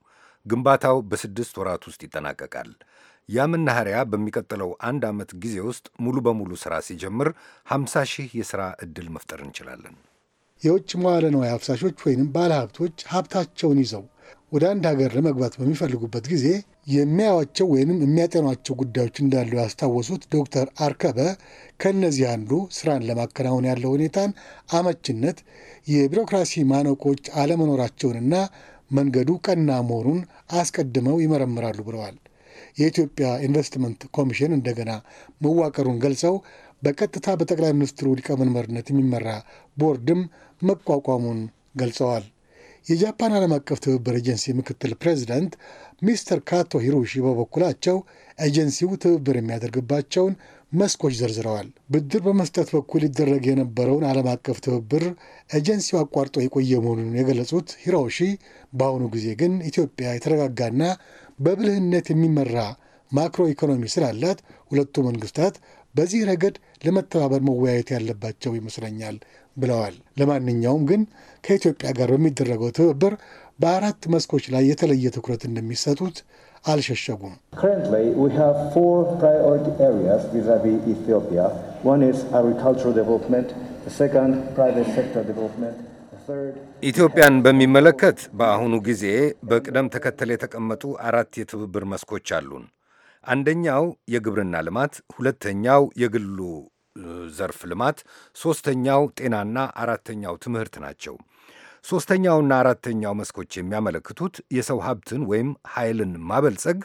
ግንባታው በስድስት ወራት ውስጥ ይጠናቀቃል። ያ መናኸሪያ በሚቀጥለው አንድ ዓመት ጊዜ ውስጥ ሙሉ በሙሉ ሥራ ሲጀምር 50 ሺህ የሥራ ዕድል መፍጠር እንችላለን። የውጭ መዋለ ነዋይ አፍሳሾች ወይንም ባለሀብቶች ሀብታቸውን ይዘው ወደ አንድ ሀገር ለመግባት በሚፈልጉበት ጊዜ የሚያዩቸው ወይንም የሚያጠኗቸው ጉዳዮች እንዳሉ ያስታወሱት ዶክተር አርከበ ከእነዚህ አንዱ ስራን ለማከናወን ያለው ሁኔታን አመችነት፣ የቢሮክራሲ ማነቆች አለመኖራቸውንና መንገዱ ቀና መሆኑን አስቀድመው ይመረምራሉ ብለዋል። የኢትዮጵያ ኢንቨስትመንት ኮሚሽን እንደገና መዋቀሩን ገልጸው በቀጥታ በጠቅላይ ሚኒስትሩ ሊቀመንበርነት የሚመራ ቦርድም መቋቋሙን ገልጸዋል። የጃፓን ዓለም አቀፍ ትብብር ኤጀንሲ ምክትል ፕሬዚዳንት ሚስተር ካቶ ሂሮሺ በበኩላቸው ኤጀንሲው ትብብር የሚያደርግባቸውን መስኮች ዘርዝረዋል። ብድር በመስጠት በኩል ይደረግ የነበረውን ዓለም አቀፍ ትብብር ኤጀንሲው አቋርጦ የቆየ መሆኑን የገለጹት ሂሮሺ በአሁኑ ጊዜ ግን ኢትዮጵያ የተረጋጋና በብልህነት የሚመራ ማክሮ ኢኮኖሚ ስላላት ሁለቱ መንግስታት በዚህ ረገድ ለመተባበር መወያየት ያለባቸው ይመስለኛል ብለዋል። ለማንኛውም ግን ከኢትዮጵያ ጋር በሚደረገው ትብብር በአራት መስኮች ላይ የተለየ ትኩረት እንደሚሰጡት አልሸሸጉም። ኢትዮጵያን በሚመለከት በአሁኑ ጊዜ በቅደም ተከተል የተቀመጡ አራት የትብብር መስኮች አሉን። አንደኛው የግብርና ልማት፣ ሁለተኛው የግሉ ዘርፍ ልማት፣ ሦስተኛው ጤናና አራተኛው ትምህርት ናቸው። ሦስተኛውና አራተኛው መስኮች የሚያመለክቱት የሰው ሀብትን ወይም ኃይልን ማበልጸግ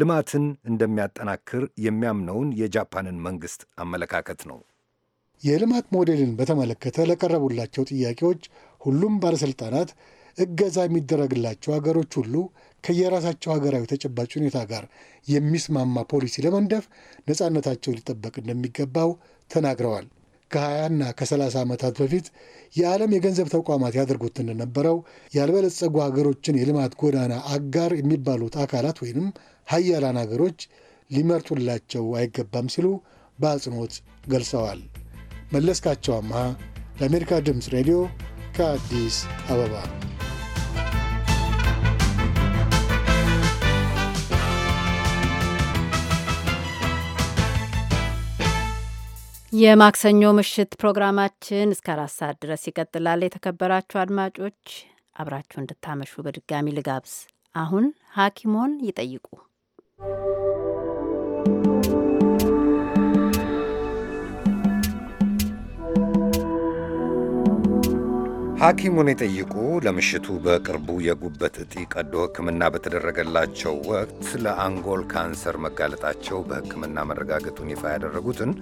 ልማትን እንደሚያጠናክር የሚያምነውን የጃፓንን መንግሥት አመለካከት ነው። የልማት ሞዴልን በተመለከተ ለቀረቡላቸው ጥያቄዎች ሁሉም ባለሥልጣናት እገዛ የሚደረግላቸው ሀገሮች ሁሉ ከየራሳቸው ሀገራዊ ተጨባጭ ሁኔታ ጋር የሚስማማ ፖሊሲ ለመንደፍ ነፃነታቸው ሊጠበቅ እንደሚገባው ተናግረዋል። ከ20ና ከ30 ዓመታት በፊት የዓለም የገንዘብ ተቋማት ያደርጉት እንደነበረው ያልበለጸጉ ሀገሮችን የልማት ጎዳና አጋር የሚባሉት አካላት ወይንም ሀያላን ሀገሮች ሊመርጡላቸው አይገባም ሲሉ በአጽንኦት ገልጸዋል። መለስካቸው አምሃ ለአሜሪካ ድምፅ ሬዲዮ ከአዲስ አበባ የማክሰኞ ምሽት ፕሮግራማችን እስከ አራት ሰዓት ድረስ ይቀጥላል። የተከበራችሁ አድማጮች አብራችሁ እንድታመሹ በድጋሚ ልጋብዝ። አሁን ሐኪሞን ይጠይቁ ሐኪሙን ይጠይቁ ለምሽቱ በቅርቡ የጉበት እጢ ቀዶ ሕክምና በተደረገላቸው ወቅት ለአንጎል ካንሰር መጋለጣቸው በሕክምና መረጋገጡን ይፋ ያደረጉትን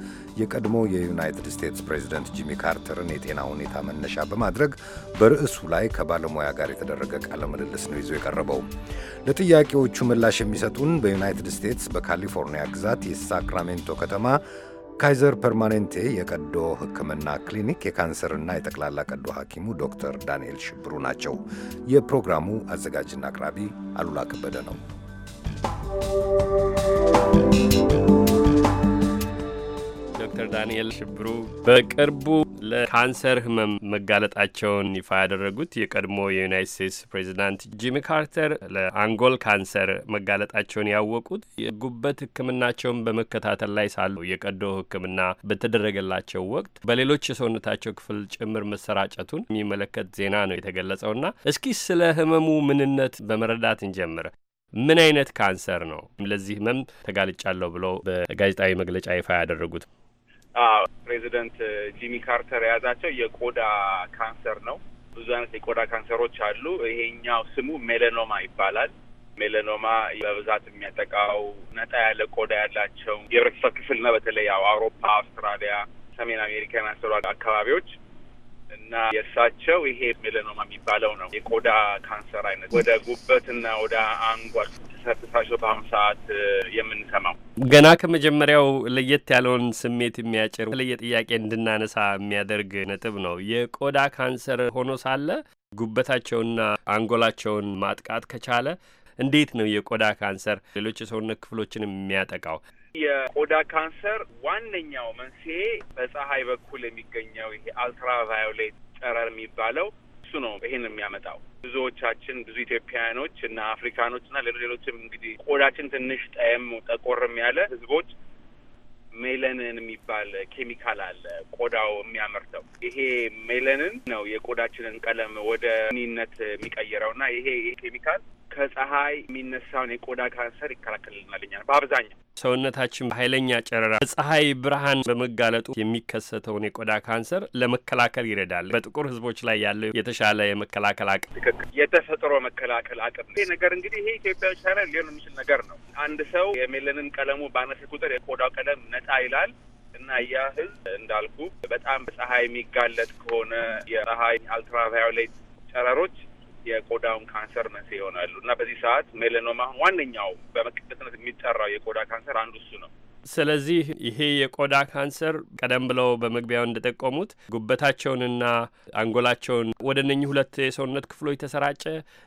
የቀድሞ የዩናይትድ ስቴትስ ፕሬዚደንት ጂሚ ካርተርን የጤና ሁኔታ መነሻ በማድረግ በርዕሱ ላይ ከባለሙያ ጋር የተደረገ ቃለ ምልልስ ነው ይዞ የቀረበው። ለጥያቄዎቹ ምላሽ የሚሰጡን በዩናይትድ ስቴትስ በካሊፎርኒያ ግዛት የሳክራሜንቶ ከተማ ካይዘር ፐርማኔንቴ የቀዶ ሕክምና ክሊኒክ የካንሰርና የጠቅላላ ቀዶ ሐኪሙ ዶክተር ዳንኤል ሽብሩ ናቸው። የፕሮግራሙ አዘጋጅና አቅራቢ አሉላ ከበደ ነው። ዶክተር ዳንኤል ሽብሩ በቅርቡ ለካንሰር ህመም መጋለጣቸውን ይፋ ያደረጉት የቀድሞ የዩናይት ስቴትስ ፕሬዚዳንት ጂሚ ካርተር ለአንጎል ካንሰር መጋለጣቸውን ያወቁት የጉበት ሕክምናቸውን በመከታተል ላይ ሳሉ የቀዶ ሕክምና በተደረገላቸው ወቅት በሌሎች የሰውነታቸው ክፍል ጭምር መሰራጨቱን የሚመለከት ዜና ነው የተገለጸውና እስኪ ስለ ህመሙ ምንነት በመረዳት እንጀምር። ምን አይነት ካንሰር ነው ለዚህ ህመም ተጋልጫለሁ ብለው በጋዜጣዊ መግለጫ ይፋ ያደረጉት? ፕሬዚደንት ጂሚ ካርተር የያዛቸው የቆዳ ካንሰር ነው። ብዙ አይነት የቆዳ ካንሰሮች አሉ። ይሄኛው ስሙ ሜለኖማ ይባላል። ሜለኖማ በብዛት የሚያጠቃው ነጣ ያለ ቆዳ ያላቸው የህብረተሰብ ክፍል ነው። በተለይ ያው አውሮፓ፣ አውስትራሊያ፣ ሰሜን አሜሪካ የመሰሉ አካባቢዎች እና የእሳቸው ይሄ ሜለኖማ የሚባለው ነው የቆዳ ካንሰር አይነት ወደ ጉበትና ወደ አንጓ ተሰርሳቸው በአሁኑ ሰዓት የምንሰማው ገና ከመጀመሪያው ለየት ያለውን ስሜት የሚያጭር ለየ ጥያቄ እንድናነሳ የሚያደርግ ነጥብ ነው። የቆዳ ካንሰር ሆኖ ሳለ ጉበታቸውና አንጎላቸውን ማጥቃት ከቻለ እንዴት ነው የቆዳ ካንሰር ሌሎች የሰውነት ክፍሎችን የሚያጠቃው? የቆዳ ካንሰር ዋነኛው መንስኤ በፀሐይ በኩል የሚገኘው ይሄ አልትራቫዮሌት ጨረር የሚባለው እሱ ነው ይሄን የሚያመጣው። ብዙዎቻችን ብዙ ኢትዮጵያውያኖች እና አፍሪካኖች እና ሌሎችም እንግዲህ ቆዳችን ትንሽ ጠየም ጠቆርም ያለ ህዝቦች ሜለንን የሚባል ኬሚካል አለ ቆዳው የሚያመርተው። ይሄ ሜለንን ነው የቆዳችንን ቀለም ወደ ኒነት የሚቀይረው እና ይሄ ይሄ ኬሚካል ከፀሐይ የሚነሳውን የቆዳ ካንሰር ይከላከልልናልኛል። በአብዛኛው ሰውነታችን በኃይለኛ ጨረራ በፀሐይ ብርሃን በመጋለጡ የሚከሰተውን የቆዳ ካንሰር ለመከላከል ይረዳል። በጥቁር ህዝቦች ላይ ያለው የተሻለ የመከላከል አቅም ትክክል፣ የተፈጥሮ መከላከል አቅም ይሄ ነገር እንግዲህ ይሄ ኢትዮጵያ ቻለ ሊሆን የሚችል ነገር ነው። አንድ ሰው የሜለንን ቀለሙ ባነሰ ቁጥር የቆዳው ቀለም ነጻ ይላል እና ያ ህዝብ እንዳልኩ በጣም በፀሐይ የሚጋለጥ ከሆነ የፀሐይ አልትራቫዮሌት ጨረሮች የቆዳውን ካንሰር መንስኤ ይሆናሉ እና በዚህ ሰዓት ሜላኖማ ዋነኛው በመቀደትነት የሚጠራው የቆዳ ካንሰር አንዱ እሱ ነው። ስለዚህ ይሄ የቆዳ ካንሰር ቀደም ብለው በመግቢያው እንደጠቆሙት ጉበታቸውንና አንጎላቸውን ወደ እነኚህ ሁለት የሰውነት ክፍሎች ተሰራጨ።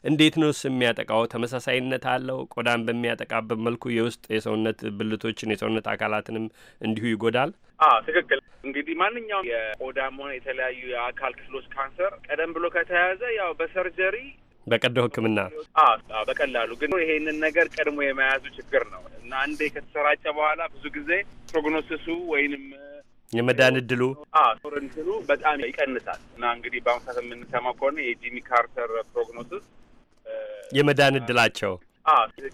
እንዴት ስ የሚያጠቃው? ተመሳሳይነት አለው? ቆዳን በሚያጠቃበት መልኩ የውስጥ የሰውነት ብልቶችን የሰውነት አካላትንም እንዲሁ ይጎዳል? ትክክል። እንግዲህ ማንኛውም የቆዳም ሆነ የተለያዩ የአካል ክፍሎች ካንሰር ቀደም ብሎ ከተያያዘ ያው በሰርጀሪ በቀዶ ሕክምና በቀላሉ ግን ይሄንን ነገር ቀድሞ የመያዙ ችግር ነው እና አንዴ ከተሰራጨ በኋላ ብዙ ጊዜ ፕሮግኖሲሱ ወይንም የመዳን እድሉ እንትኑ በጣም ይቀንሳል እና እንግዲህ በአሁኑ ሰዓት የምንሰማው ከሆነ የጂሚ ካርተር ፕሮግኖሲስ የመዳን እድላቸው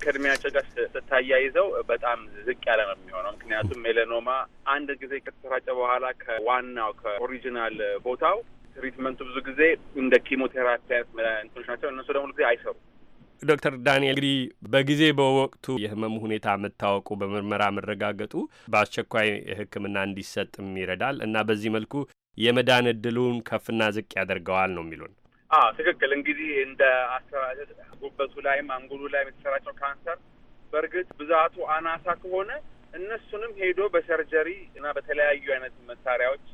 ከእድሜያቸው ጋር ስታያይዘው በጣም ዝቅ ያለ ነው የሚሆነው። ምክንያቱም ሜለኖማ አንድ ጊዜ ከተሰራጨ በኋላ ከዋናው ከኦሪጂናል ቦታው ትሪትመንቱ ብዙ ጊዜ እንደ ኪሞቴራፒ እንትኖች ናቸው። እነሱ ደግሞ ጊዜ አይሰሩ። ዶክተር ዳንኤል እንግዲህ በጊዜ በወቅቱ የህመሙ ሁኔታ መታወቁ በምርመራ መረጋገጡ በአስቸኳይ ሕክምና እንዲሰጥም ይረዳል እና በዚህ መልኩ የመዳን እድሉን ከፍና ዝቅ ያደርገዋል ነው የሚሉን። አዎ ትክክል። እንግዲህ እንደ አስተራጨት ጉበቱ ላይም አንጉሉ ላይም የተሰራጨው ካንሰር በእርግጥ ብዛቱ አናሳ ከሆነ እነሱንም ሄዶ በሰርጀሪ እና በተለያዩ አይነት መሳሪያዎች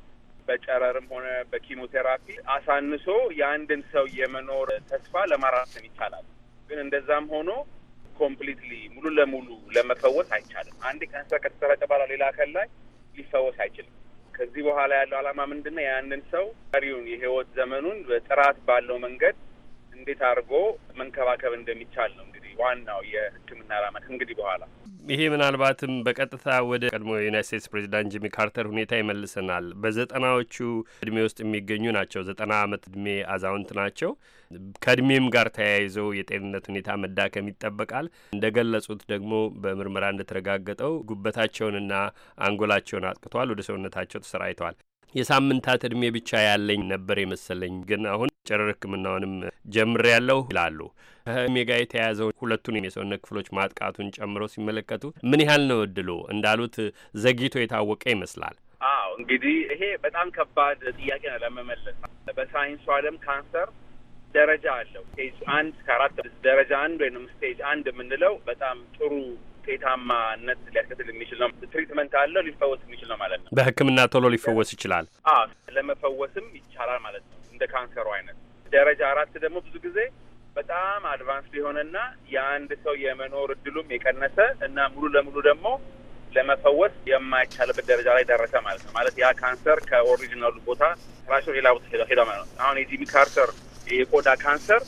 በጨረርም ሆነ በኪሞቴራፒ አሳንሶ የአንድን ሰው የመኖር ተስፋ ለማራዘም ይቻላል። ግን እንደዛም ሆኖ ኮምፕሊትሊ ሙሉ ለሙሉ ለመፈወስ አይቻልም። አንድ ካንሰር ከተሰራጨ በኋላ ሌላ አካል ላይ ሊፈወስ አይችልም። ከዚህ በኋላ ያለው ዓላማ ምንድን ነው? የአንድን ሰው ቀሪውን የህይወት ዘመኑን በጥራት ባለው መንገድ እንዴት አድርጎ መንከባከብ እንደሚቻል ነው እንግዲህ ዋናው የህክምና ዓላማ ከእንግዲህ በኋላ ይሄ ምናልባትም በቀጥታ ወደ ቀድሞ የዩናይት ስቴትስ ፕሬዚዳንት ጂሚ ካርተር ሁኔታ ይመልሰናል። በዘጠናዎቹ እድሜ ውስጥ የሚገኙ ናቸው። ዘጠና ዓመት እድሜ አዛውንት ናቸው። ከእድሜም ጋር ተያይዞ የጤንነት ሁኔታ መዳከም ይጠበቃል። እንደ ገለጹት ደግሞ በምርመራ እንደተረጋገጠው ጉበታቸውንና አንጎላቸውን አጥቅቷል፣ ወደ ሰውነታቸው ተሰራይተዋል። የሳምንታት እድሜ ብቻ ያለኝ ነበር የመሰለኝ፣ ግን አሁን ጨረር ሕክምናውንም ጀምሬ ያለሁ ይላሉ። ከህሜ ጋር የተያያዘው ሁለቱን የሰውነት ክፍሎች ማጥቃቱን ጨምሮ ሲመለከቱ ምን ያህል ነው እድሉ? እንዳሉት ዘግይቶ የታወቀ ይመስላል። አዎ እንግዲህ ይሄ በጣም ከባድ ጥያቄ ነው ለመመለስ። በሳይንሱ ዓለም ካንሰር ደረጃ አለው። ስቴጅ አንድ ከአራት ደረጃ አንድ ወይም ስቴጅ አንድ የምንለው በጣም ጥሩ ውጤታማነት ሊያስከትል የሚችል ነው። ትሪትመንት አለው ሊፈወስ የሚችል ነው ማለት ነው። በህክምና ቶሎ ሊፈወስ ይችላል። አዎ ለመፈወስም ይቻላል ማለት ነው። እንደ ካንሰሩ አይነት ደረጃ አራት ደግሞ ብዙ ጊዜ በጣም አድቫንስ የሆነና የአንድ ሰው የመኖር እድሉም የቀነሰ እና ሙሉ ለሙሉ ደግሞ ለመፈወስ የማይቻልበት ደረጃ ላይ ደረሰ ማለት ነው። ማለት ያ ካንሰር ከኦሪጂናሉ ቦታ ራሽ ሌላ ቦታ ሄዳ ማለት ነው። አሁን የጂሚ ካርተር የቆዳ ካንሰር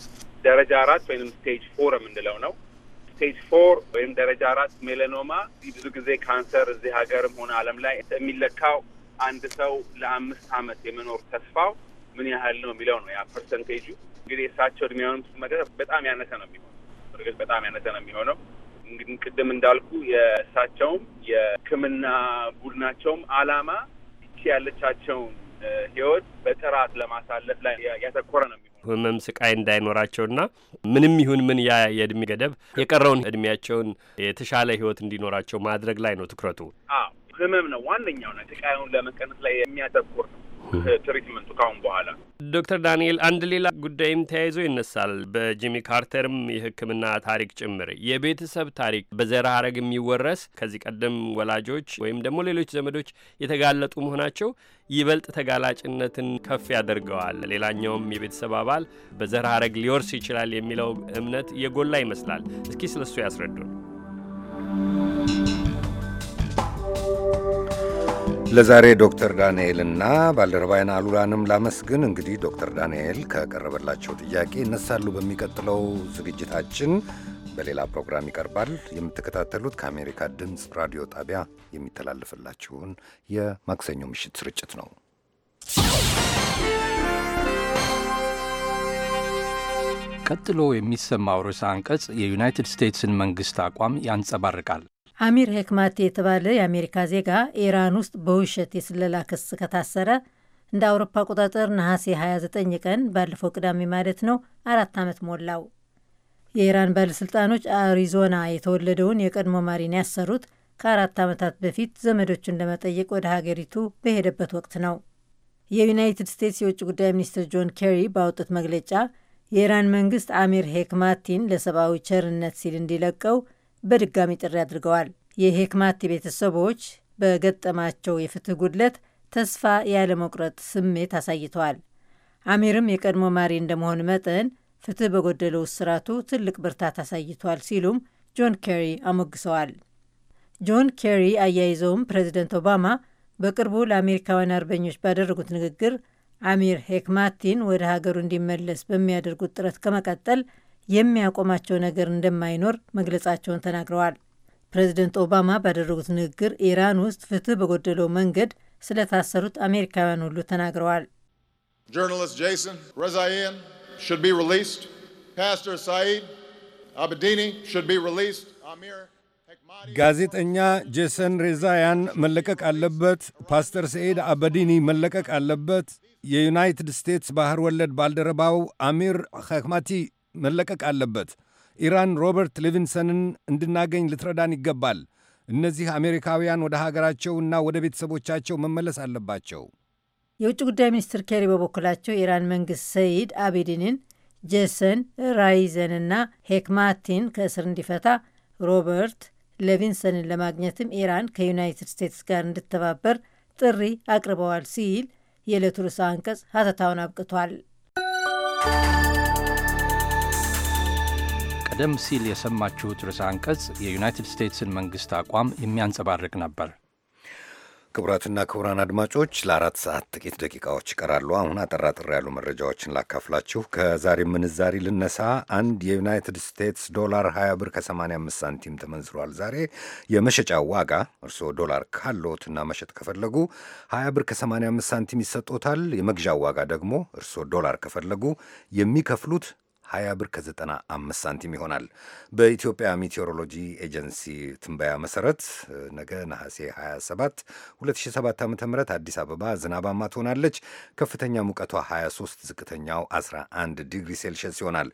ደረጃ አራት ወይም ስቴጅ ፎር የምንለው ነው። ስቴጅ ፎር ወይም ደረጃ አራት ሜለኖማ ብዙ ጊዜ ካንሰር እዚህ ሀገርም ሆነ ዓለም ላይ የሚለካው አንድ ሰው ለአምስት ዓመት የመኖር ተስፋው ምን ያህል ነው የሚለው ነው ያ ፐርሰንቴጁ እንግዲህ የእሳቸው እድሜውንም ስንመደብ በጣም ያነሰ ነው የሚሆነው። እርግጥ በጣም ያነሰ ነው የሚሆነው። እንግዲህ ቅድም እንዳልኩ የእሳቸውም የሕክምና ቡድናቸውም አላማ ይቺ ያለቻቸውን ህይወት በጥራት ለማሳለፍ ላይ ያተኮረ ነው የሚሆነው ህመም ስቃይ እንዳይኖራቸውና ምንም ይሁን ምን ያ የእድሜ ገደብ የቀረውን እድሜያቸውን የተሻለ ህይወት እንዲኖራቸው ማድረግ ላይ ነው ትኩረቱ። አዎ ህመም ነው ዋነኛው ነው። ስቃዩን ለመቀነስ ላይ የሚያተኩር ነው። ትሪትመንቱ ካሁን በኋላ። ዶክተር ዳንኤል አንድ ሌላ ጉዳይም ተያይዞ ይነሳል። በጂሚ ካርተርም የሕክምና ታሪክ ጭምር የቤተሰብ ታሪክ በዘር ሐረግ የሚወረስ ከዚህ ቀደም ወላጆች ወይም ደግሞ ሌሎች ዘመዶች የተጋለጡ መሆናቸው ይበልጥ ተጋላጭነትን ከፍ ያደርገዋል። ሌላኛውም የቤተሰብ አባል በዘር ሐረግ ሊወርስ ይችላል የሚለው እምነት የጎላ ይመስላል። እስኪ ስለሱ ያስረዱን። ለዛሬ ዶክተር ዳንኤልና ባልደረባይን አሉላንም ላመስግን። እንግዲህ ዶክተር ዳንኤል ከቀረበላቸው ጥያቄ ይነሳሉ በሚቀጥለው ዝግጅታችን በሌላ ፕሮግራም ይቀርባል። የምትከታተሉት ከአሜሪካ ድምፅ ራዲዮ ጣቢያ የሚተላለፍላችሁን የማክሰኞ ምሽት ስርጭት ነው። ቀጥሎ የሚሰማው ርዕሰ አንቀጽ የዩናይትድ ስቴትስን መንግሥት አቋም ያንጸባርቃል። አሚር ሄክማቴ የተባለ የአሜሪካ ዜጋ ኢራን ውስጥ በውሸት የስለላ ክስ ከታሰረ እንደ አውሮፓ አቆጣጠር ነሐሴ 29 ቀን ባለፈው ቅዳሜ ማለት ነው አራት ዓመት ሞላው። የኢራን ባለሥልጣኖች አሪዞና የተወለደውን የቀድሞ ማሪን ያሰሩት ከአራት ዓመታት በፊት ዘመዶቹን ለመጠየቅ ወደ ሀገሪቱ በሄደበት ወቅት ነው። የዩናይትድ ስቴትስ የውጭ ጉዳይ ሚኒስትር ጆን ኬሪ ባወጡት መግለጫ የኢራን መንግስት አሚር ሄክማቲን ለሰብአዊ ቸርነት ሲል እንዲለቀው በድጋሚ ጥሪ አድርገዋል። የሄክማቲ ቤተሰቦች በገጠማቸው የፍትህ ጉድለት ተስፋ ያለመቁረጥ ስሜት አሳይተዋል። አሚርም የቀድሞ ማሪ እንደመሆን መጠን ፍትህ በጎደለው ስራቱ ትልቅ ብርታት አሳይቷል ሲሉም ጆን ኬሪ አሞግሰዋል። ጆን ኬሪ አያይዘውም ፕሬዚደንት ኦባማ በቅርቡ ለአሜሪካውያን አርበኞች ባደረጉት ንግግር አሚር ሄክማቲን ወደ ሀገሩ እንዲመለስ በሚያደርጉት ጥረት ከመቀጠል የሚያቆማቸው ነገር እንደማይኖር መግለጻቸውን ተናግረዋል። ፕሬዚደንት ኦባማ ባደረጉት ንግግር ኢራን ውስጥ ፍትህ በጎደለው መንገድ ስለታሰሩት አሜሪካውያን ሁሉ ተናግረዋል። ጆርናሊስት ጄሰን ሹድ ቢ ሪሊስድ፣ ፓስተር ሳኢድ አብዲኒ ሹድ ቢ ሪሊስድ፣ አሚር ጋዜጠኛ ጄሰን ሬዛያን መለቀቅ አለበት። ፓስተር ሰኤድ አበዲኒ መለቀቅ አለበት። የዩናይትድ ስቴትስ ባህር ወለድ ባልደረባው አሚር ኸክማቲ መለቀቅ አለበት። ኢራን ሮበርት ሊቪንሰንን እንድናገኝ ልትረዳን ይገባል። እነዚህ አሜሪካውያን ወደ ሀገራቸውና ወደ ቤተሰቦቻቸው መመለስ አለባቸው። የውጭ ጉዳይ ሚኒስትር ኬሪ በበኩላቸው የኢራን መንግስት ሰይድ አቤዲንን፣ ጄሰን ራይዘንና ሄክማቲን ከእስር እንዲፈታ ሮበርት ሌቪንሰንን ለማግኘትም ኢራን ከዩናይትድ ስቴትስ ጋር እንድተባበር ጥሪ አቅርበዋል ሲል የዕለቱ ርዕሰ አንቀጽ ሀተታውን አብቅቷል። ቀደም ሲል የሰማችሁት ርዕሰ አንቀጽ የዩናይትድ ስቴትስን መንግሥት አቋም የሚያንጸባርቅ ነበር። ክቡራትና ክቡራን አድማጮች ለአራት ሰዓት ጥቂት ደቂቃዎች ይቀራሉ። አሁን አጠራጥር ያሉ መረጃዎችን ላካፍላችሁ። ከዛሬ ምንዛሪ ልነሳ። አንድ የዩናይትድ ስቴትስ ዶላር 20 ብር ከ85 ሳንቲም ተመንዝሯል። ዛሬ የመሸጫ ዋጋ እርስዎ ዶላር ካለዎትና መሸጥ ከፈለጉ 20 ብር ከ85 ሳንቲም ይሰጦታል። የመግዣ ዋጋ ደግሞ እርስዎ ዶላር ከፈለጉ የሚከፍሉት 20 ብር ከ95 ሳንቲም ይሆናል። በኢትዮጵያ ሜቴዎሮሎጂ ኤጀንሲ ትንበያ መሰረት ነገ ነሐሴ 27 2007 ዓ ም አዲስ አበባ ዝናባማ ትሆናለች። ከፍተኛ ሙቀቷ 23፣ ዝቅተኛው 11 ዲግሪ ሴልሽየስ ይሆናል።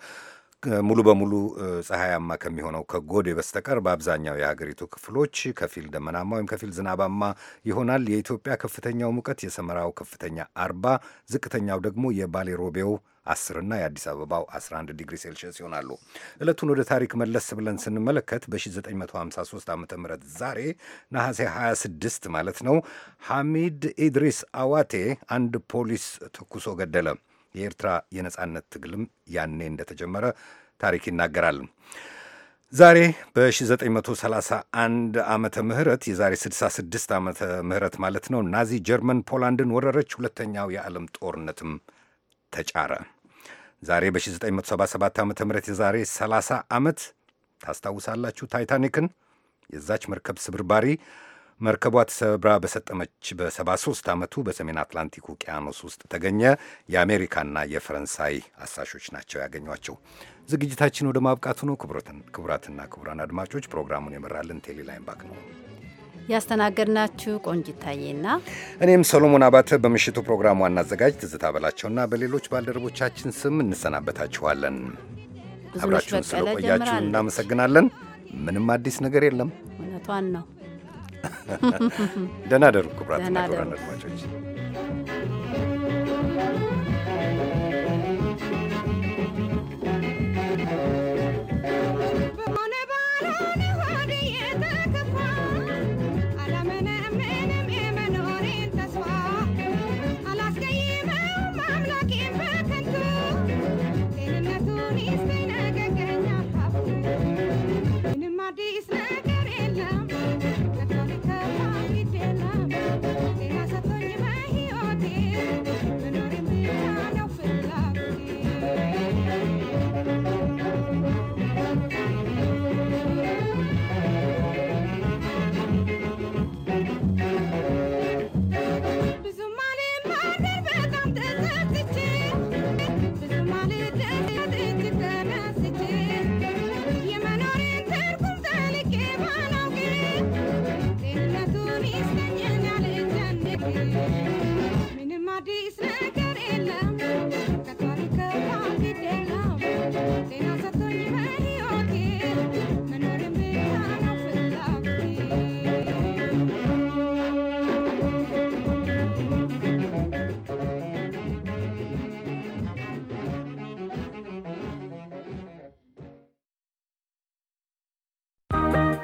ሙሉ በሙሉ ፀሐያማ ከሚሆነው ከጎዴ በስተቀር በአብዛኛው የሀገሪቱ ክፍሎች ከፊል ደመናማ ወይም ከፊል ዝናባማ ይሆናል። የኢትዮጵያ ከፍተኛው ሙቀት የሰመራው ከፍተኛ 40፣ ዝቅተኛው ደግሞ የባሌ ሮቤው 10ና የአዲስ አበባው 11 ዲግሪ ሴልሺየስ ይሆናሉ። ዕለቱን ወደ ታሪክ መለስ ብለን ስንመለከት በ1953 ዓ ም ዛሬ ነሐሴ 26 ማለት ነው ሐሚድ ኢድሪስ አዋቴ አንድ ፖሊስ ተኩሶ ገደለ። የኤርትራ የነጻነት ትግልም ያኔ እንደተጀመረ ታሪክ ይናገራል። ዛሬ በ1931 ዓመተ ምህረት የዛሬ 66 ዓመተ ምህረት ማለት ነው ናዚ ጀርመን ፖላንድን ወረረች። ሁለተኛው የዓለም ጦርነትም ተጫረ። ዛሬ በ1977 ዓ ም የዛሬ 30 ዓመት ታስታውሳላችሁ ታይታኒክን የዛች መርከብ ስብርባሪ መርከቧ ተሰብራ በሰጠመች በ73 ዓመቱ በሰሜን አትላንቲክ ውቅያኖስ ውስጥ ተገኘ። የአሜሪካና የፈረንሳይ አሳሾች ናቸው ያገኟቸው። ዝግጅታችን ወደ ማብቃቱ ነው። ክቡራትና ክቡራን አድማጮች ፕሮግራሙን የመራልን ቴሌላይምባክ ነው። ያስተናገድናችሁ ቆንጂት ታዬና እኔም ሰሎሞን አባተ በምሽቱ ፕሮግራም ዋና አዘጋጅ ትዝታ በላቸውና በሌሎች ባልደረቦቻችን ስም እንሰናበታችኋለን። አብራችሁን ስለቆያችሁ እናመሰግናለን። ምንም አዲስ ነገር የለም። እውነቷን ነው። ደህና ደሩ ክቡራትና ክቡራን አድማጮች። mag i